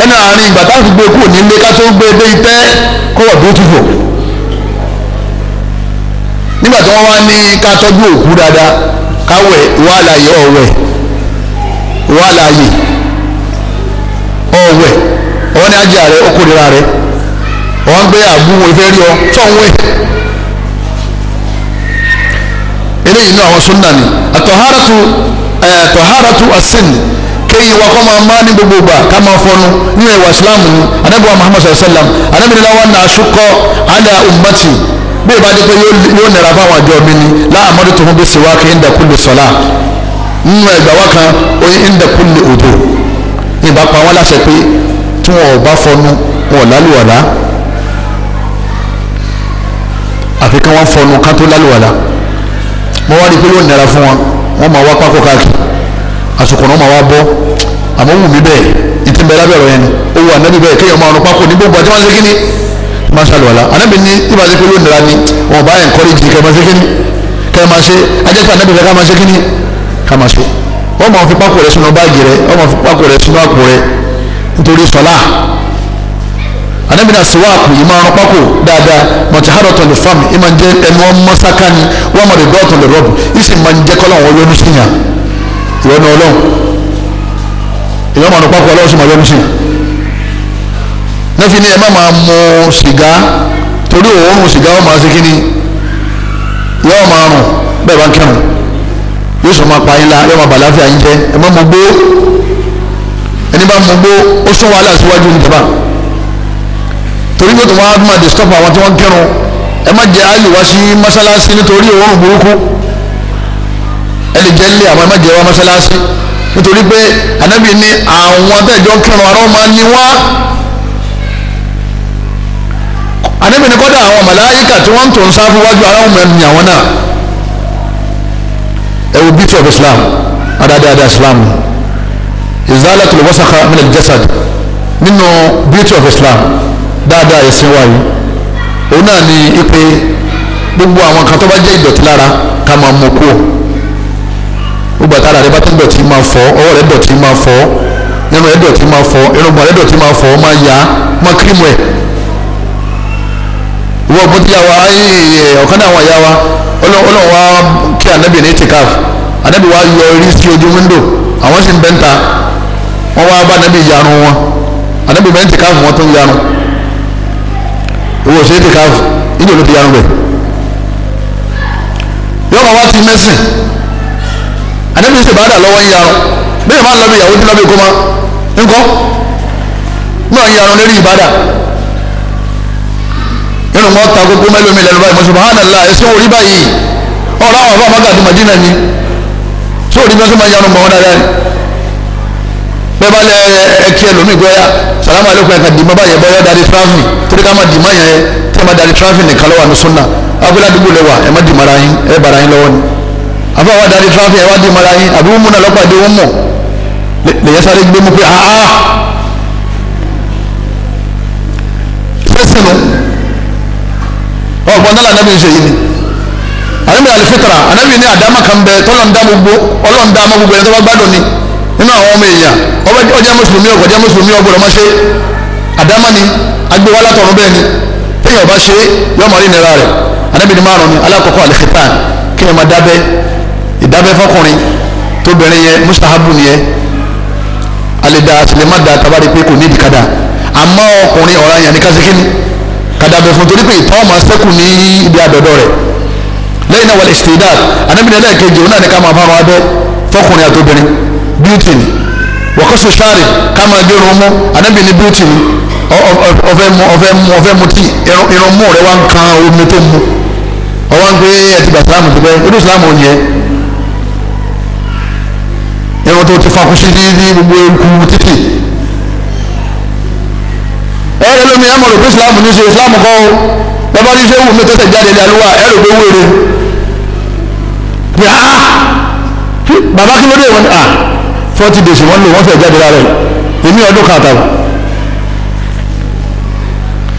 ẹnu àárín ìgbà táwọn ti gbé kúrò nílé ká tó gbé dé itẹ́ kó wà beautiful nígbà tí wọ́n wá ní ká tọ́jú òkú dáadáa káwẹ̀ wà láàyè wọ́n gbé àbúrò ìfẹ́ rí ọ tọ́wọ́ ẹ̀ eléyìí náà àwọn sunna ni àtọ̀háratu àtọ̀háratu eh, asin kéyìn wa kọ́ máa má ní gbogbo gbà ká máa fọnu nínú ìwà ìsìláàmù ni anábìwá muhammadu sallam anábìwá wa aṣọkọ àdá ummati bí ìbá dé pé yóò nira fáwọn àjọ mi ni láàmúdé tó fún bí siwaki inda kulli sọlá nínú ẹgbàá wa kan oyin inda kulli odo ìbá pa wọn láṣẹ pé tí wọn ò bá fọnu wọn lálùwàlá àfi kí wọ́n fọnu ká tó lálùwàlà mo wá rí i pé yóò nira fún wọn wọ́n máa wá pákó káàkiri àsìkò náà máa wá bọ́ àmọ́ wù mí bẹ́ẹ̀ ìtì bẹ́ẹ̀ lábẹ́rọ yẹn ni ó wù ànábì bẹ́ẹ̀ kéèyàn máa rún pákó ní gbogbo àti wọ́n ṣe kíni máa ṣàlùwàlà ànábì ní tí màá ṣe pé yóò nira ni wọn bá ẹ̀ńkọ́rẹ́jì kẹ́ máa ṣe kíni kẹ́ máa ṣe ajẹ́pẹ́ ànábì fẹ́ ká máa ṣe kíni ká máa anamina siwaaku imaaru kpako dáadáa mọ̀tíhárọ̀tọ̀ lè fami ima ń jẹ ẹnu ọmọ sákàní wọ́n mọ̀ lè dọ́ọ̀tọ̀ lè rọ́bù ìsì máa ń jẹ́ kọ́lá wọn yọnu sí yàn yọnu ọlọ́run ìyọ́n mọ̀ kpako ọlọ́run sì máa yọnu sí yàn. nẹ́fì ni ẹ má máa mu sìgá torí òórùn sìgá wọn máa ṣe kí ni yọ́ọ̀ rùn bẹ́ẹ̀ bá ń yóò sọ máa pa yín la yọ́ọ̀ máa bàláfíà yín jẹ́ ẹ má mu gbó ẹni bá mu gbó ó sún wàhálà síwájú ní torí pé tó máa máa disturb àwọn tí wọ́n kírun ẹ má jẹ́ àlè wá sí mọ́sálásí nítorí òórùn burúkú ẹ lè jẹ́ nílé àmọ́ ẹ má jẹ́ wá mọ́sálásí nítorí pé ànábì ní àwọn tẹ́jọ́ kírun àrọ́ máa ní wá ànábì ní kọ́dà àwọn màláyíkà tí wọ́n ń tò ń sáfù wájú ara ọmọ ẹ̀mí àwọn náà ẹ wo beauty of Islam adáadáa Islam izalatul wasakha min al-jasad nínú beauty of Islam dáadáa ẹ̀sìn wa yìí òun náà ni ipe gbogbo àwọn kan tó bá jẹ́ ìdọ̀tí lára ká máa mú kú gbogbo àtàrà rẹ bá ti dọ̀tí máa fọ ọwọ́ rẹ dọ̀tí máa fọ irun rẹ dọ̀tí máa fọ irungbọ̀n rẹ dọ̀tí máa fọ máa yá máa kírímù ẹ̀ ìwọ ọ̀gbọ́n ti yà wá ọ̀kan náà wọ̀n yà wá ọlọ́run wá kí anabi ní tikaf anabi wá yọ orí sí ojú windo àwọn sì ń bẹ́ńta wọ́n wá bá anabi yarun wọn anabi bẹ́ńtì káàfù wọn tó ń yarun wọ́n ṣe é tèka fún ìjọ ló fi yanu rẹ̀ yọ̀ọ́ bá wá ti mẹ́sìn àdébí ṣe bá dà lọ́wọ́ ń yarun bẹ́ẹ̀ máa ń lọ bí ìyàwó tí lọ́bí kó ma ńkọ́ náà ń yarun lérí ìbádà nínú mọ́ ta gbogbo mẹ́lòmí lẹ́nu báyìí mọ́sùn bàhánàlá ẹ̀sùn orí báyìí ọ̀rọ̀ àwọn àbá àmàgàdùmọ̀dínà ni sóòrí mẹ́sùn máa yarun mọ́ wọn dáadáa ni bẹ́ẹ̀ bá lẹ ẹtí ẹlòmíì pé ya ah, salamu alaykum ẹ̀ka dìímọ̀ báyẹn bọ́ yọ dari tirafi torí ká má dìímọ̀ yẹn tí ẹ má dari tirafi nìkan lọ́wọ́ àmì sunna akọ́lá àdúgbò lẹ wa ẹ má dìímọ̀ ara yín ẹ bára yín lọ́wọ́ ni afa wa dari tirafi ẹ wá dìímọ̀ ara yín àbí wọ́n múna lọ́pàdé wọ́n mọ̀ lèyẹn sáré gbé mu pé aa ah, ah. sẹ́sìnù ọ̀gbọ́n náà lànàbí ń ṣe yìí ni àníbi àlè fitra ànábì ní kan bẹ tọ́lọ̀ ń dá gbogbo ọlọ́ nínú àwọn ọmọ èèyàn ọjọ́ mùsùlùmí ọ̀gbọ̀jọ́ mùsùlùmí ọgbọ̀dọ̀ máa ṣe àdámání agbéwá látọ̀run bẹ́ẹ̀ ni téèyàn bá ṣe yọ ọmọ rí ìnira rẹ̀ anábì ní márùn ni alákọ̀ọ́kọ́ àlẹ́kẹ̀tàn kí ni ma dábẹ́ ìdábẹ́ fọkùnrin tóbìnrin yẹn mustahabu nìyẹn àlèdà àtìlẹ́mọ́dà tabari pé kò ní ìdíkadà àmọ́ ọkùnrin ọ̀ràn yẹn ní kásíkíní kàdàbẹ̀ fún torí pé ìtọ́ ọmọ sẹ́kù ní ibi àdọ̀dọ̀ rẹ̀ lẹ́yìn náà wọlé stidad anábì ní ẹlẹ́ẹ̀kejì òun náà ní ká máa fárun abẹ́ fọkùnrin àtobìnrin bíútì ni wọ́kọ́sọ ṣáàrì ká máa gé irun mú anábì ní bíútì ni ọ̀fẹ́ mu ọ̀fẹ́ mu ọ̀fẹ́ mu tí irun mú rẹ wá ń kan omi tó mu ọwọ́ ń gbé ẹtì bàtàlámù tó bẹ́ẹ̀ irú ìsìlámù ò yẹ irun tó ti fakú sí ní ní gbogbo eku títì ẹ̀rọ lómi ẹ̀ mọ̀ rò pé ìsìlámù ní ṣe ìsìlámù kọ́ o bàbá ní ṣe wù mí tètè jáde ìdàlúwà ẹ̀rọ pé wúre pé ah, ah, ah. Baba, kí ló dé wọn ah forty days wọ́n lò wọ́n fẹ́ jáde lára ẹ̀ èmi ọdún kan àtàwọn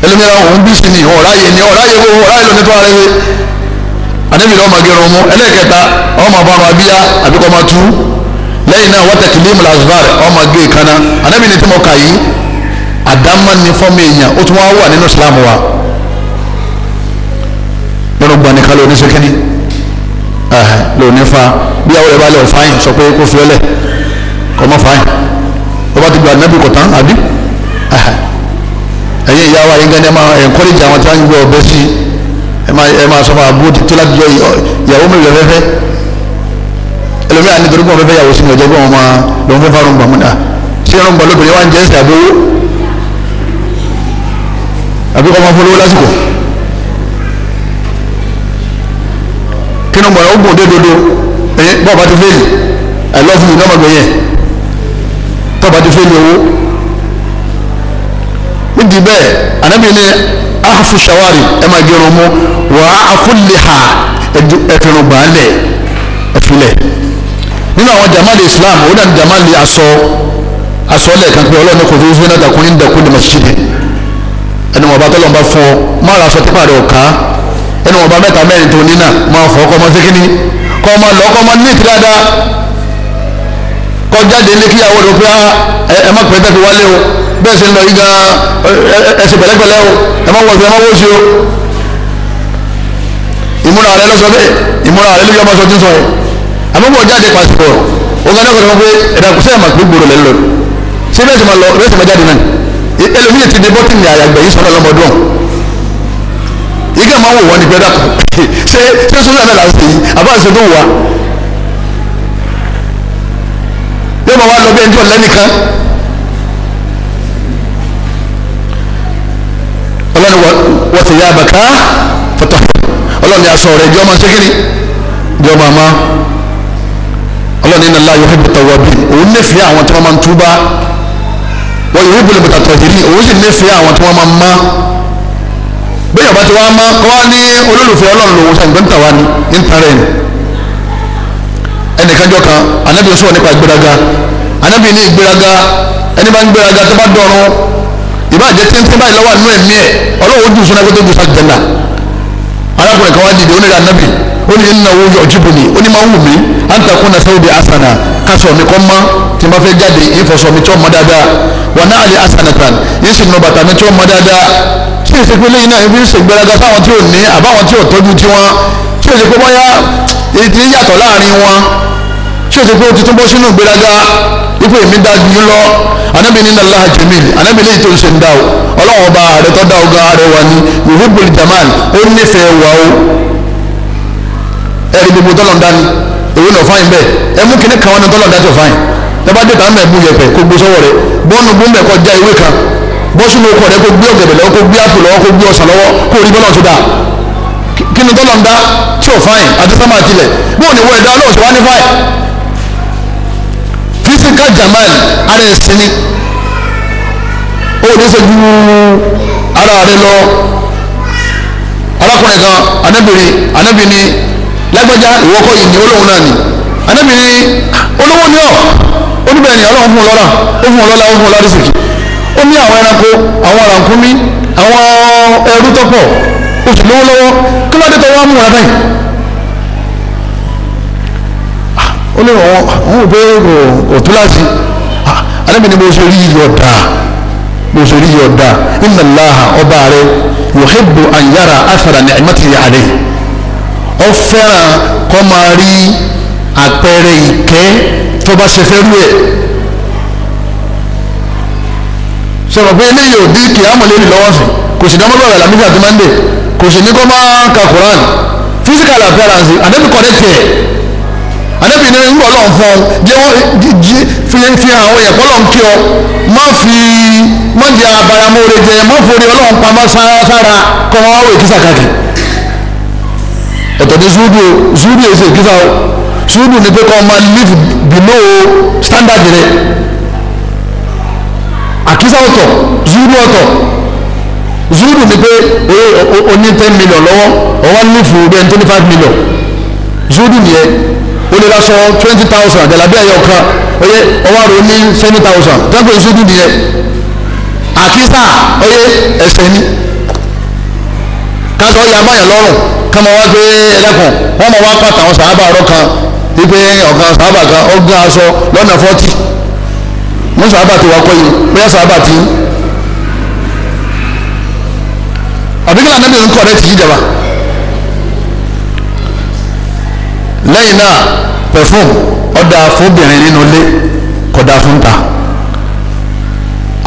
ẹlẹ́mìíràn òun bí sí ni ọ̀ráyè ni ọ̀ráyè wo ọ̀ráyè lónìí tó ara ẹ̀ àdébìrì ọmọ gẹrun mu ẹlẹ́kẹta ọmọ àbáwọn abíyá àbíkọ́ ọmọ tú lẹ́yìn náà wọ́n tẹ̀kí limu lasvar ọmọ gé e kaná àdébìrì ni tí mo kà yìí àdámánì fọ́ọ̀mù èèyàn ó tún wá wà nínú Islam wa lọ́nà gbani ká lóní sẹ́kẹ́ni lóní fa bí àwọn ẹ̀rọ bá lọ fáyìn sọ pé kó fi ọlẹ̀ ọmọ fàáyìn ó bá ti gba ànábì kò tán àbí ìyá wa yín gan ẹ máa encourage àwọn tí wọ́n ń gbé ọbẹ̀ sí ẹ máa ẹ máa sọ fún àbúrò títí láti jọ ìyàwó mi rẹ̀ fẹ́fẹ́ ẹlòmíràn ní torí pé wọ́n fẹ́fẹ́ sí mi ọjọ́ pé wọ́n máa lọ́n fẹ́fẹ́ àrùn gbàmúdà ṣé ẹran gbà lóbìnrin wa ń jẹ́ ẹ̀sìn àbówó àbí kọ́ máa fún olówó lásìkò kí ni mo rà ó dodo ẹ bọ́ọ̀ bá ti fẹ́ẹ̀lì i love you ní ọmọ gbẹ̀yẹn bá ti fẹ́ mi owó nídìí bẹ́ẹ̀ ànábì ní ahafu shawari ẹ máa gẹrun mú wà áfúlìhà ẹfìrún gbàálẹ̀ ẹfilẹ̀ nínú àwọn jamali islam ó dàbí jamali aṣọ aṣọ lẹ́ẹ̀kan pé ọlọ́run kò fi fún náà dàkún ní dàkún ní masjid ẹni wọn bá tọ́lọ̀ ń bá fún ọ má ra aṣọ tí pàdé ọ̀ka ẹni wọn bá mẹ́ta mẹ́rin tó ní náà máa fọ́ ọkọ ọmọ sí kíní kọ́ ọmọ lọ́kọ́ ọmọ ní kọjáde ilé kíyàwó rẹ̀ pé ah, ẹ má pẹ́ tẹ́fi wálé o bẹ́ẹ̀ sì ń lọ yí gan ẹsẹ̀ pẹ̀lẹ́pẹ̀lẹ́ o ẹ má wọ̀sẹ̀ ẹ má wọ̀sẹ̀ o ìmúra rẹ ló sọ bẹ́ẹ̀ ìmúra rẹ ló yọ ọmọ sọ tí ń sọ yẹn àmọ́ kò jáde pàṣípọ̀ òun kan lọ́kọ̀ọ́ pé ẹ̀dá kò sẹ́yìn màkì gbòòrò lẹ́nu lọ ṣé bẹ́ẹ̀ sì máa lọ bẹ́ẹ̀ sì máa jáde náà ẹlòmíì ti di bọ́tìnì àyàgbẹ́ yìí sọ́nà lọ́mọdún yìí máa wò wọ́n ní pẹ́ kọ́ wa lọ bí ẹni tí ọ̀lẹ́ nìkan. ọlọ́run wọ́n ti yá àbàká fọ́tọ̀ ọlọ́run ni aṣọ rẹ̀ jọ́mọ ṣékiri jọ́mọ àmọ́ ọlọ́run iná láàyò fún bùtọ̀ wọ́bì òun nífẹ̀ẹ́ àwọn tí wọ́n máa ń túbá wọ́n yóò bùlẹ̀ bùtà tọ̀jìrì òun sì nífẹ̀ẹ́ àwọn tí wọ́n máa ń má bẹ́ẹ̀ bá ti wá má kọ́ wá ní olólùfẹ́ ọlọ́run lòun ṣàǹgbẹ́ntà ní ní ẹnìkanjọ kan anabi sọ nípa ìgbéraga anabi ní ìgbéraga ẹni bá ń gbéraga tó bá dọ̀run ìbáàjẹ́ téńté báyìí lọ́wọ́ àánú ẹ̀mí ẹ̀ ọlọ́wọ́ ojú sọ́nà gbẹ́tọ́ gbèsè àjẹ́nà arákùnrin kan wá dìde onídàá anabi ó ní ìnáwó ọ̀jìbù ni ó ní máa wù mí à ń takùn náà sáwọ́dì asana kásọ̀ mi kọ́ mọ́ tí n bá fẹ́ jáde ìfọ̀sọ̀ mi tọ́ mọ́ dáadáa wà náà àlẹ́ asana tan yìí sì nù bàtà mi tọ́ mọ́ dáadáa tí èsì pé lẹ́yìn náà ebi ń ṣègbéraga sáwọn tí ò ní àbáwọn tí ò tọ́jú tiwọn tí èsì pé bọ́yá èyí ti yàtọ̀ láàrin wọn tí o ti pé o ti tún bọ́ sínú ìgbéraga ipò èmi dá ju lọ anábì ní nàlá jẹmíl anábì ní ètò o ọlọ́wọ́n ọba ààrẹ tó dá wa ni yuhibbul jamal ó nífẹ̀ẹ́ wa o ẹ̀rí gbogbo tọ́lọ̀ ń dání èwe náà fáyín bẹ́ẹ̀ ẹ mú kan wọn tọ́lọ̀ ń fáyín tẹ́bá dé yẹpẹ̀ kó sọ́wọ́ rẹ bọ́ọ̀nù já kan sí nǹkan jamal ara ẹ̀sìn ni ó ní ṣe ju ara rẹ lọ arákùnrin kan anábìrin anábìrin ni lágbájá ìwọ kọ́ yìí ni olóhùn náà ni anábìrin ni olówó ni ọ oníbẹ̀rẹ̀ ni ọlọ́run fún ọlọ́rà ó fún ọlọ́lá ó fún ọlọ́rà rìsìkì ó ní àwọn ẹranko àwọn ràkúnmí àwọn ẹrú tọ́pọ̀ oṣù lówó lọ́wọ́ kí ló dé tó wá mú wọn lábẹ́yìn. ó ní wọn wọn ò pé òtúláṣí alẹ́mi ni mo ṣe rí iyọ̀ dà mo ṣe rí iyọ̀ dà inna Allaha ọba rẹ yuhibbu an yara athara ni'matihi alayhi ó fẹ́ràn kọ́ máa rí àpẹẹrẹ ìkẹ́ tó bá ṣe rú ẹ̀ sọ̀rọ̀ pé eléyìí ò dín kìámù lé lọ́wọ́ sí kò sì dámọ́ lọ́rọ̀ làmísà àti mọ́ndé kò sì ní kó máa ka Quran physical appearance àdébìkọ́ ní tiẹ̀ àdébì ní ń bọ̀ lọ́n fún ọ jẹ́ wọ́n fi hàn àwọn èèyàn kọ́ lọ́n kí ọ má fi má jẹ abaramóore jẹ má forí ọlọ́run pamọ́ sára kọ́ wọn wáwé kísà káàkiri ọ̀tọ̀ ní zúdù zúdù èsè kísà o zúdù ni pé kọ́ máa live below standard rẹ àkísà ọ̀tọ̀ zúdù ọ̀tọ̀ zúdù ni pé o ní ten million lọ́wọ́ ọwọ́ live bẹ́ẹ̀ ní twenty five million zúdù nìyẹn ó lè lásọ twenty thousand jàlábí ẹ̀yọ̀ kan oyè ọwọ́ àrò ní seven thousand tẹ́kùn ìṣubú nìyẹn àkísà oyè ẹ̀sẹ̀ ni kásọ̀ ya báyà lọ́rùn kọ́mọ wá pé ẹlẹ́kùn wọ́n mọ̀ wá pàtà àwọn sàábà ọ̀rọ̀ kan wípé ọ̀kan sàábà kan ó gán aṣọ lọ́nà fọ́tì mú sàábà tó wá kọ́ yìí bóyá sàábà ti àbíkẹ́lá anábìrin kọ́ rẹ̀ ti yí Jaba? lẹ́yìn náà perfume ọ̀dà fóbìnrin nínú ilé kọ̀dà fún ta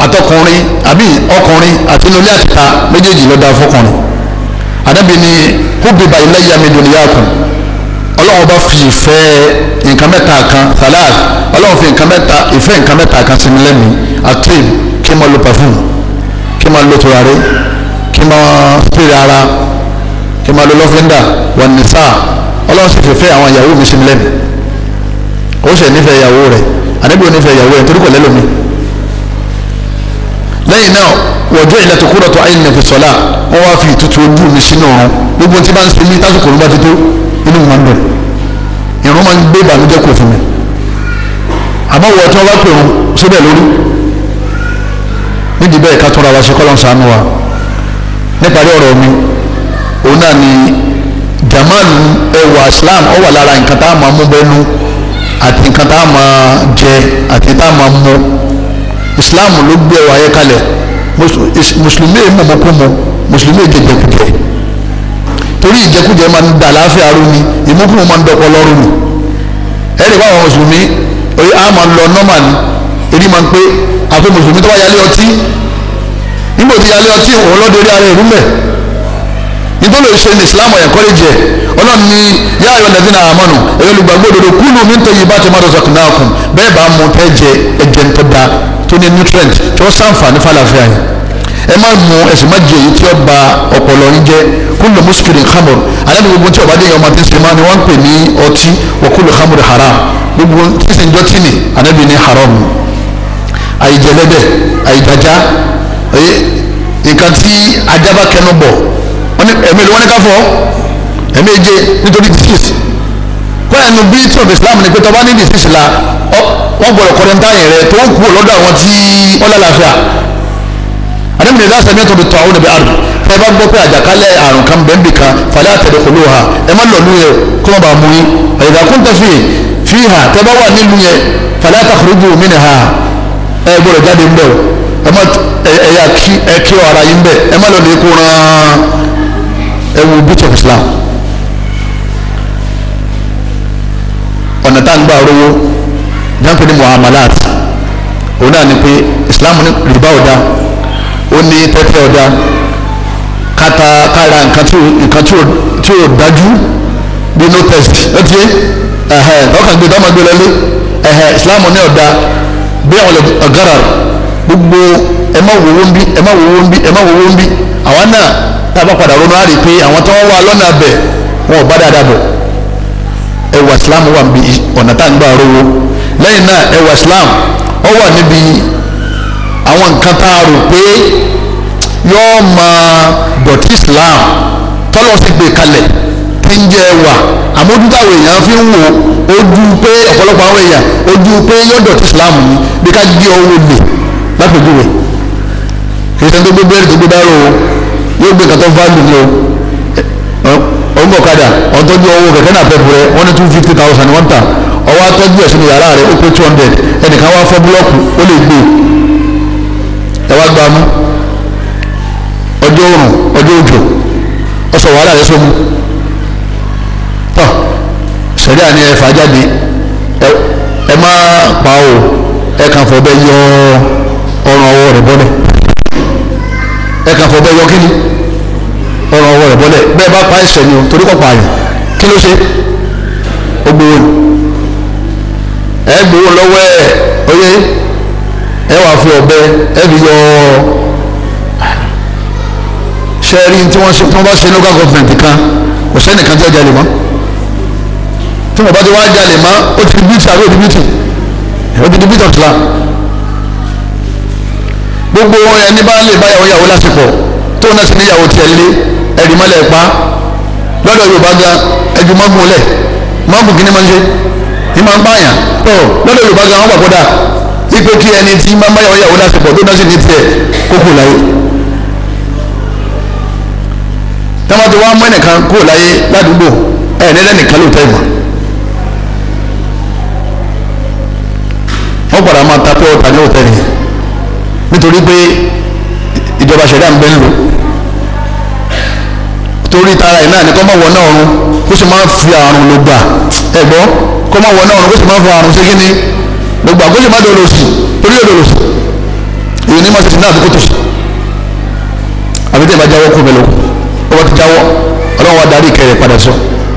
àtọkùnrin àbí ọkùnrin àti inú ilé àti ta méjèèjì lọ́dà fọkùnrin àdàbí ni kúbìbà iléyà mi dùnìyàkùn ọlọ́run bá fi ìfẹ́ nǹkan mẹ́ta kan salad ọlọ́run fi nǹkan mẹ́ta ìfẹ́ nǹkan mẹ́ta kan sí mi lẹ́mìí atim kí n máa lo perfume kí n máa lo tùràrí kí n máa pèrè ara kí n máa lo lọ́fíńdà wà nísà ọlọ́run sì fẹ́fẹ́ àwọn ìyàwó mi sí mi lẹ́nu ó sì nífẹ̀ẹ́ ìyàwó rẹ̀ ànábì ò nífẹ̀ẹ́ ìyàwó rẹ̀ torí kò lẹ́lòmí lẹ́yìn náà wọ́jú ìlẹ̀ tó kúrò tó ayé nìkan sọ́lá wọ́n wá fi ìtutù ojú mi sínú ọ̀run gbogbo tí bá ń sinmi tásìkò ló bá ti tó inú mi máa ń dùn ìrún máa ń gbé ìbànújẹ́ kò fún mi àmọ́ wọ́n tí wọ́n bá pè wọ́n síbẹ̀ lórí nídìí bẹ́ẹ̀ ká tún ra wa ṣe kọ́lọ́n sànú wa níparí ọ̀rọ̀ mi òun náà ni jamalu ẹwà islam ó wà lára nǹkan tá a máa mú bẹ́nu àti nǹkan tá a máa jẹ àti tá a máa mú islam ló gbé ẹwà yẹn kalẹ̀ mùsùlùmí èyí mọ̀mọ́kúmọ mùsùlùmí èyí jẹjẹkújẹ torí ìjẹkújẹ máa ń dà láàfíà rú ni ìmúkúmọ máa ń dọ̀pọ̀ lọ́rù ni ẹ̀rí báwọn mùsùlùmí oye a máa lọ normal ni èyí máa ń pé àfi mùsùlùmí tó bá yálé ọtí nígbà tó yálé ọtí òun lọ́dọ̀ orí ara ìrúmẹ̀ ìtọ́ lè ṣe ní islam encourage ẹ̀ ọlọ́run ní yá ayọ̀ lẹ́bí náà àmọ́nù ẹ̀yọ́ olùgbàgbọ́ òdodo kúlù mi ń tẹ̀yí bá ti máa dọ̀sọ̀ kùnà bẹ́ẹ̀ bá mu tẹ́ jẹ ẹ̀jẹ̀ ń tọ́ da tó ní nutrient tí ó sàǹfààní fàlàfíà yẹn ẹ má mu ẹ̀sìn má jẹ èyí tí ó ba ọpọlọ yín jẹ kúlù muskiri hamur alẹ́ gbogbo tí ọba dé yan ọmọ tí sèmá ni wọ́n ń pè ní ọtí wọ kúlù hamur haram gbogbo tí sì ń jọ tí ni anabi ní haram àyíjẹlẹbẹ àyíjàjá nǹkan tí ajábá bọ̀ ẹ̀mí ló wọ́n ní ká fọ́ ẹ̀mí èje nítorí disease kọ́ra nu bí tí ọ̀bẹ Islam ni pé tọ́ba ní disease la wọ́n gbọ́dọ̀ kọ́rẹ́ntáyìn rẹ tó ń kúrò lọ́dọ̀ àwọn tí wọ́n lálàáfíà àdébìnrin ìdá sẹ́mi tó bi tọ́ àwọn òbí àrùn fún ẹ bá gbọ́ pé àjàkálẹ̀ àrùn kan bẹ́ẹ̀ bì kan fàlẹ́ àtẹ̀dẹ̀ kò ló ha ẹ má lọ lóye kó má bàa mú yín àyẹ̀dá kún tẹ̀ fi fi hà tẹ́ bá wà nílùú yẹn fàlẹ́ àtàkùrúgbù mí ni ha ẹ gbọ́dọ̀ jáde ń bẹ̀ ẹ má ẹ yà kí ẹ kí ọ ara yín bẹ̀ ẹ má lọ lè kó rán ẹ wo beauty of Islam ọ̀nà tá à ń gbà rówó jáǹpé ní muamalat òun náà ni pé Islam ní rìbá ọ̀dà ó ní tẹ́tẹ́ ọ̀dà kata kára nǹkan tí ò tí ò dájú bí no test ẹ ti ọkàn gbé dọ́mọ gbé lọlé Islam ní ọ̀dà bí àwọn ọ̀gára. gbogbo ẹ má wọwọ ń bí ẹ má wọwọ ń bí ẹ má wọwọ ń bí àwa náà tá a bá padà ronú á rí i pé àwọn tó ń wá lọ́nà abẹ wọn ò bá dáadáa bọ̀ ẹwà islam wà níbi ọ̀nà tá à ń gbà rówó lẹ́yìn náà islam wà níbi àwọn nǹkan tá a rò pé máa islam tọ́lọ́ gbé kalẹ̀ tí ń fi ń wò pé ọ̀pọ̀lọpọ̀ àwọn èèyàn pé lápèjúwe kìrìsìtẹ́n tó gbé bẹ́ẹ̀rì tó gbé dáró o yóò gbé nǹkan tó fáàlù ni o ọ̀nbọ̀kadà ọ̀tọ́jú owó kẹ̀kẹ́ náà pẹ̀lú rẹ wọ́n ní two fifty thousand wọ́n tà ọwọ́ atọ́jú ẹ̀sùn yàrá rẹ ó pé two hundred ẹnìkan wá fọ́ búlọ́ọ̀kù ó lè gbé ẹ wá gba mú ọjọ́ òrùn ọjọ́ òjò ọsọ wàhálà rẹ sómi tọ́ sẹ́díà ni ẹ fà jáde ẹ má pa o ẹ kàn fọ́ bẹ́ẹ̀ yọ ọ́. ẹ̀ṣẹ̀ ni o torí kọ̀ pààyàn kí ló ṣe ó gbowó ẹ gbowó lọ́wọ́ ẹ oyè ẹ wàá fi ọ̀bẹ ẹ fi yọ ṣẹ́ẹ́rì tí wọ́n ṣe tí wọ́n bá ṣe local government kan kò sẹ́nìkan tí ó jalè mọ́ tí wọ́n bá ti wá jalè mọ́ ó ti di bíìtì àbí ó di bíìtì ó ti di bíìtì ọ̀tún la gbogbo ẹni bá lè bá yàwó yàwó lásìkò tó náà sì níyàwó tiẹ̀ lé ẹ̀rí mọ́lẹ̀ pa lọ́dọ̀ yorùbá ga ẹjú mọ́mú lẹ̀ mọ́mú kí ni máa ń ṣe ní máa ń pààyàn tó lọ́dọ̀ yorùbá ga wọ́n gbàgbọ́dà ipò kí ẹni tí máma yàwó yàwó lásìkò tó náà sì ní tiẹ̀ kókò láyé táwọn ti wá mọ́ ẹnìkan kó láyé ládùúgbò ẹ̀ nílẹ̀ nìkan ló tẹ́ ìmọ̀ wọ́n padà máa ta pé ọ̀tá ní òtẹ́ẹ̀lì nítorí pé ìjọba ṣẹ̀dá ń bẹ́ ń lò torí tara ẹ̀ náà ni kọ́ máa wọ náà run kó sì máa fi àrùn ló gbà ẹ̀ gbọ́ kọ́ máa wọ náà run kó sì máa fi àrùn ṣe kí ni ló gbà kó sì máa dòdò sí torí òdòdò sí èyí ni máa ṣe ti náà àdúgbò tó sí àbí tẹ̀ bá jáwọ́ kó mélòó kó bá ti jáwọ́ ọlọ́run wa darí ìkẹyẹ padà sọ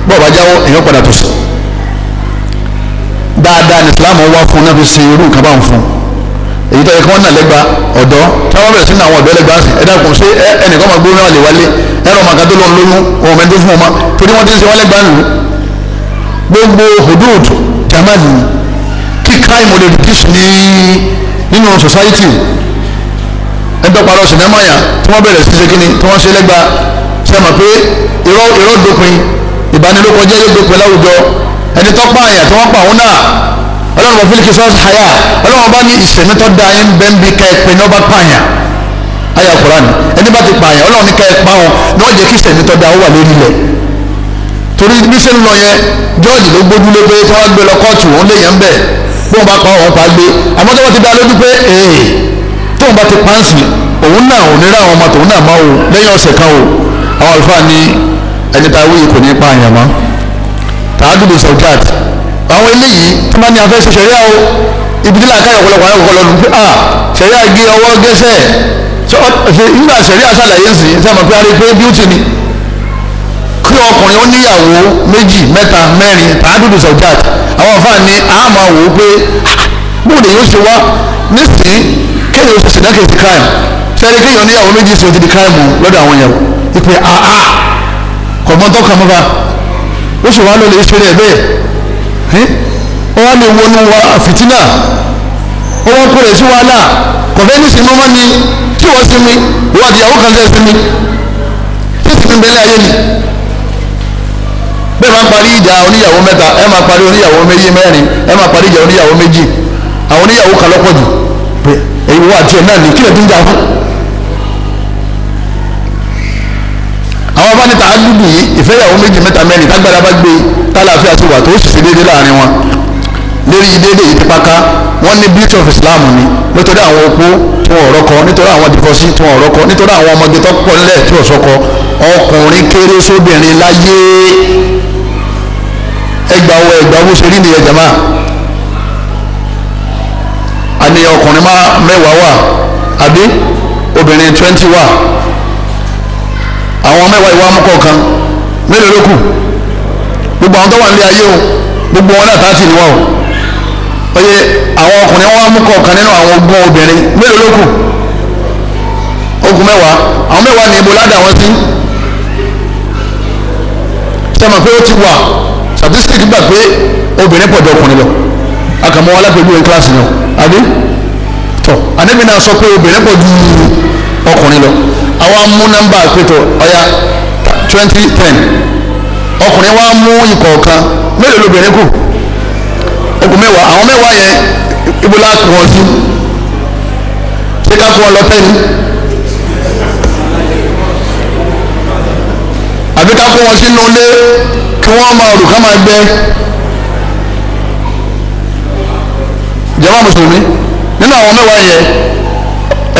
bọ́ọ̀ bá jáwọ́ èèyàn padà tó sí dáadáa ní Islam wá fún náà fi ṣe irú nǹkan báwọn fún un èyí tó yẹ kí wọ́n nà lẹ́gba ọ̀dọ́ tí wọ́n bẹ̀rẹ̀ sí ní àwọn ọ̀dọ́ lẹ́gba sí ẹ dákun ṣé ẹnìkan máa gbóná àlè wálé ẹ̀rọ màkà tó lọ́n lóyún òun mẹ́tò fún ọmọ torí wọ́n ti ń ṣe wálé gbanu gbogbo hudud jamani kí crime lè ní nínú society ẹgbẹ́ parọ́ sinimaya tí wọ́n bẹ̀rẹ̀ sí ṣe kíni tí wọ́n ṣe lẹ́gba ṣe mọ̀ pé irọ́ irọ́ dópin ìbanilókọjẹ́ yóò dópin láwùjọ ẹni tó pààyàn tí wọ́n pa òun náà ọlọ́run bá fílíkì sọ́ọ́sì hayá ọlọ́run bá ní ìsẹ̀mí tó da yín bẹ́ẹ̀ bí ká ẹ pé ní ọba pààyàn ayé àkùrán ẹni bá ti pààyàn ọlọ́run ní ká ẹ pa wọn ní wọ́n jẹ́ kí ìsẹ̀mí tó da ó wà lórí ilẹ̀ torí bí ṣe ń lọ yẹn jọ́ọ̀jì ló gbójúlé pé tí wọ́n gbé lọ kóòtù òun lè yẹn bẹ́ẹ̀ bí wọ́n bá pa òun pa gbé àmọ́ tó wọ́n ti dá lójú pé ee tí wọ́n bá ti pa ń sìn òun náà òun nira àwọn ọmọ tòun náà máa wò lẹ́yìn ọ̀sẹ̀ kan o àwọn àlùfáà ní ẹni tá a wí kò ní pa àyàn mọ́ tààdùdù sọ̀kíàtì àwọn eléyìí tó bá ní afẹ́ ṣe sẹ̀ríà o ibi tí làákàyè ọ̀pọ̀lọpọ̀ àwọn ọ̀pọ̀lọpọ̀ lọ́nu pé à sẹ̀ríà gé ọwọ́ gẹ́sẹ̀ nígbà sẹ̀ríà ṣàlàyé sí sẹ́mi pé a rí pé bíútì ni kí ọkùnrin ó níyàwó méjì mẹ́ta mẹ́rin tàádùdù sọ̀jáàtì àwọn àfáà ni a máa wò ó pé bóun lè yóò ṣe wá nísìnyí kéèyàn oṣù sì dákẹ́ ti crime sẹ́ni kéèyàn níyàwó méjì sí odidi crime lọ́dọ̀ àwọn ìyàwó ìpè àá kọ̀mọ́tọ́ kàmọ́ba ó ṣe wá lọ́lẹ̀ ìṣẹ̀lẹ̀ bẹ́ẹ̀ ó wá lè wọnú wa fìtínà ó wá kúrẹ̀ sí wàhálà kọ̀fẹ́ ní sinmi wọn ni tí wọ́n sinmi wọ́n àtìyàwó kan tẹ́ sinmi tí sinmi bẹ́ẹ̀ ayé ni bẹ́ẹ̀ máa parí ìjà oníyàwó mẹ́ta ẹ máa parí oníyàwó méjì mẹ́rin ẹ máa parí ìjà oníyàwó méjì àwọn oníyàwó kan lọ́pọ̀ jù èyí wọ́n àti ẹ̀ náà ní kílẹ̀ tó àwọn bá ní ta ágùdù yìí ìfẹ́yàwó méjì mẹ́ta mẹ́rin tágbára bá gbé tálàáfíà ti wà tó sì ṣe déédéé láàrin wọn lórí déédéé yìí ti paka wọ́n ní beauty of Islam ni nítorí àwọn opó tí wọ́n ọ̀rọ̀ kọ nítorí àwọn dìfọ́sí tí wọ́n ọ̀rọ̀ kọ nítorí àwọn ọmọge tó pọ̀ nílẹ̀ tí wọ́n sọkọ ọkùnrin kéré sóbìnrin láyé ẹgbà wọ ẹgbà owó ṣe rí nìyẹn jama àní ọkùnrin má mẹ́wàá wà àbí obìnrin twenty wà àwọn mẹ́wàá ìwà amúkọ̀ kan mélòó ló kù gbogbo àwọn tó wà nílé ayé o gbogbo wọn náà tààtì ni wọn o oye àwọn ọkùnrin wọn amúkọ̀ kan nínú àwọn ogún obìnrin mélòó ló kù ogun mẹ́wàá àwọn mẹ́wàá ní ibo ládàá wọn sí sẹ́mi pé ó ti wà statistics gbà pé obìnrin pọ̀ jọ ọkùnrin lọ akàmọ́ alápẹ̀lú kíláàsì náà àbí. tọ̀ ànábì náà sọ pé obìnrin pọ̀ ju ọkùnrin lọ àwa mú nọmba pétọ ọ̀ya twenty ten ọkùnrin wa mú ìkọ̀ọ̀kan mélòó lóbìnrin kù okùn mẹ́wàá àwọn mẹ́wàá yẹn ibo la wọn sí ṣé ká kú wọn lọ tẹ́ni àbí ká kú wọn sínú ilé kí wọ́n máa ká máa nínú àwọn mẹ́wàá yẹn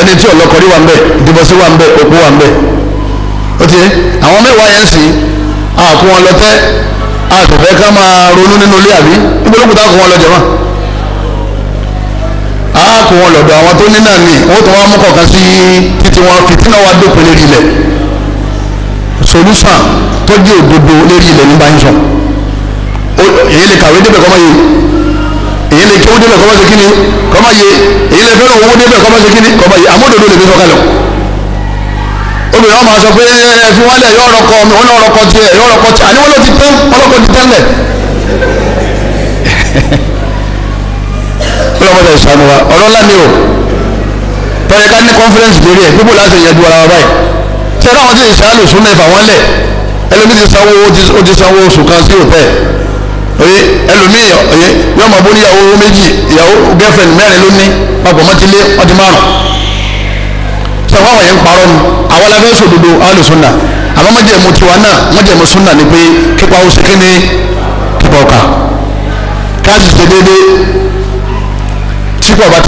ẹni tí ọlọ́kọ̀rí wà ń bẹ̀ ìdìbọ̀sí wà ń bẹ̀ òkú wà ń bẹ̀ ó ti àwọn mẹ́wàá yẹn sì àkó wọn lọ tẹ́ àtẹ̀fẹ́ ká máa ronú nínú ilé àbí níbolókùn tá àkó wọn lọ jẹ̀ wọ́n àkó wọn lọ̀dọ̀ àwọn tó ní náà ni wọ́n tó wá mú kọ̀ọ̀kan sí títí wọn fìtínà wa dópin lérí ilẹ̀ solution tó jẹ́ òdodo lérí ilẹ̀ nígbà yín sọ èyí lè kàwé débẹ̀ kọ́mọ èyí lè kéwú débẹ̀ kọ́mọ́ ṣe kíni kọ́mọ́ ṣe èyí lè fẹ́ràn owó débẹ̀ kọ́mọ́ ṣe kíni kọ́mọ́ ṣe àmódodo lè fi sọ́kalẹ̀ obìnrin wọn máa sọ pé ẹ̀fin wọn lẹ̀ yọ ọ̀rọ̀kọ mi wọn ní ọ̀rọ̀kọ tiẹ̀ yọ ọ̀rọ̀kọ tiẹ̀ àní wọn lọ ti tán ọlọ́kọ ti tán lẹ̀ ọlọ́mọdé ìsànù wa ọ̀rọ̀ ńlá ni o tọ́yẹ ká ní conference lórí ẹ̀ gbogbo láti yẹn duwara wa báyìí ṣé káwọn tí ìsànù sún náà ìfà wọn lẹ̀ ẹlòmíì ti sanwó ó ti sanwó oṣù kan sí òtẹ́ẹ̀ oye ẹlòmíì oye yóò ma bó níyàwó méjì ìyàwó girlfriend mẹ́rin ló ní papọ̀ mọ́ ti lé wọ́n ti márùn sọ̀rọ̀ àwọn yẹn ń parọ́ ni àwọn aláfẹ́ sòdodo alùsùnà àmọ́ májèmú tiwa náà májèmú súnà ni pé kípa ó ṣe kíni kípa ọkà káàsì ṣe déédéé sípò ọba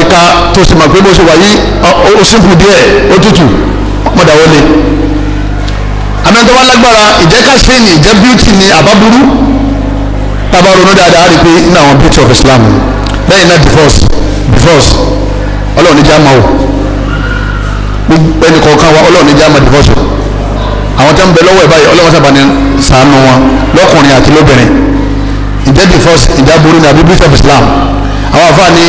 tó sì mọ̀ pé bó ṣe wà ó sínkù díẹ̀ ó tútù mọ̀dà wọlé àmì ẹ̀dọ́ wa lágbára ìjẹ́kásí ni ìjẹ́ bíútì ni àbábúrú tábà ronú dáadáa rí i pé nínú àwọn beauty of Islam lẹ́yìn náà divorce divorce ọlọ́run níjà máa wò gbogbo ẹnì kọ̀ọ̀kan wa ọlọ́run níjà máa divorce àwọn tó ń bẹ lọ́wọ́ ẹ̀ báyìí ọlọ́run sábà ní sànù wọn lọ́kùnrin àti lóbìnrin ìjẹ́ divorce ìjà burú ni àbí beauty of Islam àwọn àfa ni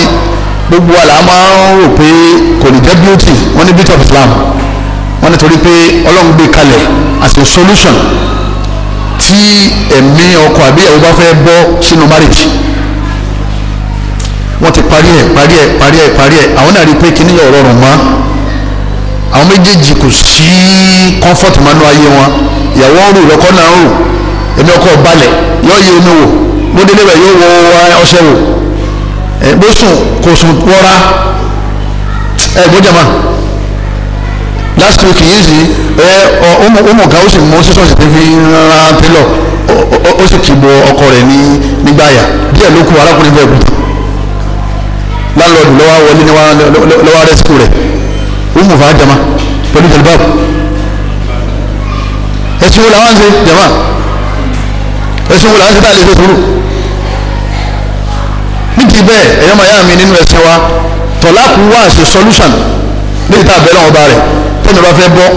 gbogbo àlà máa ń rò pé kò ní jẹ́ beauty wọ́n ní beauty of Islam wọ́n nítorí pé ọlọ́run gbé kalẹ̀ as a solution tí ẹ̀mí ọkọ àbí ìyàwó bá fẹ́ bọ́ sínú marriage wọ́n ti parí ẹ̀ parí ẹ̀ parí ẹ̀ parí ẹ̀ àwọn náà rí i pé kíní yọ̀ rọrùn mọ́ àwọn méjèèjì kò sí comfort mọ́nú ayé wọn ìyàwó ń rù lọ́kọ́ náà ń rù ẹ̀mí ọkọ balẹ̀ yọ yẹ inú wò bó délé rẹ̀ yóò wọ ọṣẹ wò ẹ̀ bó sùn kò sùn wọ́ra ẹ̀ bó jẹ̀ máa last week yìí sí ẹ ọmọ kan ó sì mú sísọ́ọ̀sì tó fi rán pélọ̀ ó sì kì bọ ọkọ rẹ̀ ní nígbàyà díẹ̀ ló kú arákùnrin bẹ́ẹ̀ kú láńlọ́ọ̀dù lọ́wọ́ wọlé lọ́wọ́ rẹ́síkù rẹ̀ ọmọ fà á jama pẹ̀lú jẹ̀lúbàbù ẹ̀sìn wo làwọn ń ṣe jama ẹ̀sìn wo làwọn ń ṣe tá a lè ṣe sùúrù nídìí bẹ́ẹ̀ ẹ̀yọ́ màá yá mi nínú ẹ̀sìn wa tọ̀láàkú wà ṣe solution ní ìta àbẹ̀lẹ̀ ọba rẹ̀ tẹ́mi bá fẹ́ bọ́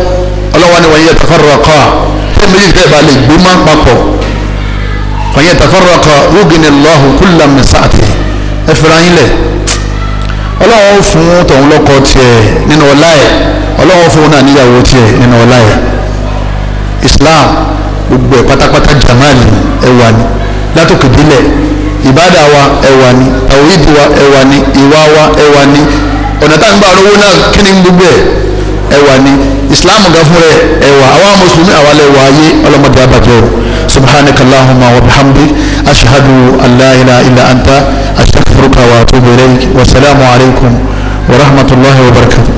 ọlọ́wọ́ ni wọ́n yẹ tafarraqa tẹ́mi yìí tẹ́ẹ̀ bá lè gbé má papọ̀ wọ́n yẹ tafarraqa yugni Allahu kullam min sa'atihi ẹ fẹ́ra yín lẹ̀ ọlọ́wọ́ fún tọ̀hún lọ́kọ tiẹ̀ nínú ọlá ẹ̀ ọlọ́wọ́ fún náà níyàwó tiẹ̀ nínú ọlá ẹ̀ Islam gbogbo ẹ̀ pátápátá jamani ẹwà ni látòkè délẹ̀ ìbádà wa ẹwà ni tàwíìdì wa ẹwà ni ìwà wa ẹwà ni ọ̀nà táǹgbà olówó náà kí gbogbo ẹ̀ ẹwà ni islam gan fún rẹ ẹwà àwa mùsùlùmí àwa lè wà ayé ọlọ́mọdé abàjẹ́ o subhanaka allahumma wa bihamdi ashhadu an la anta astaghfiruka wa atubu ilayk wa alaykum wa rahmatullahi wa barakatuh.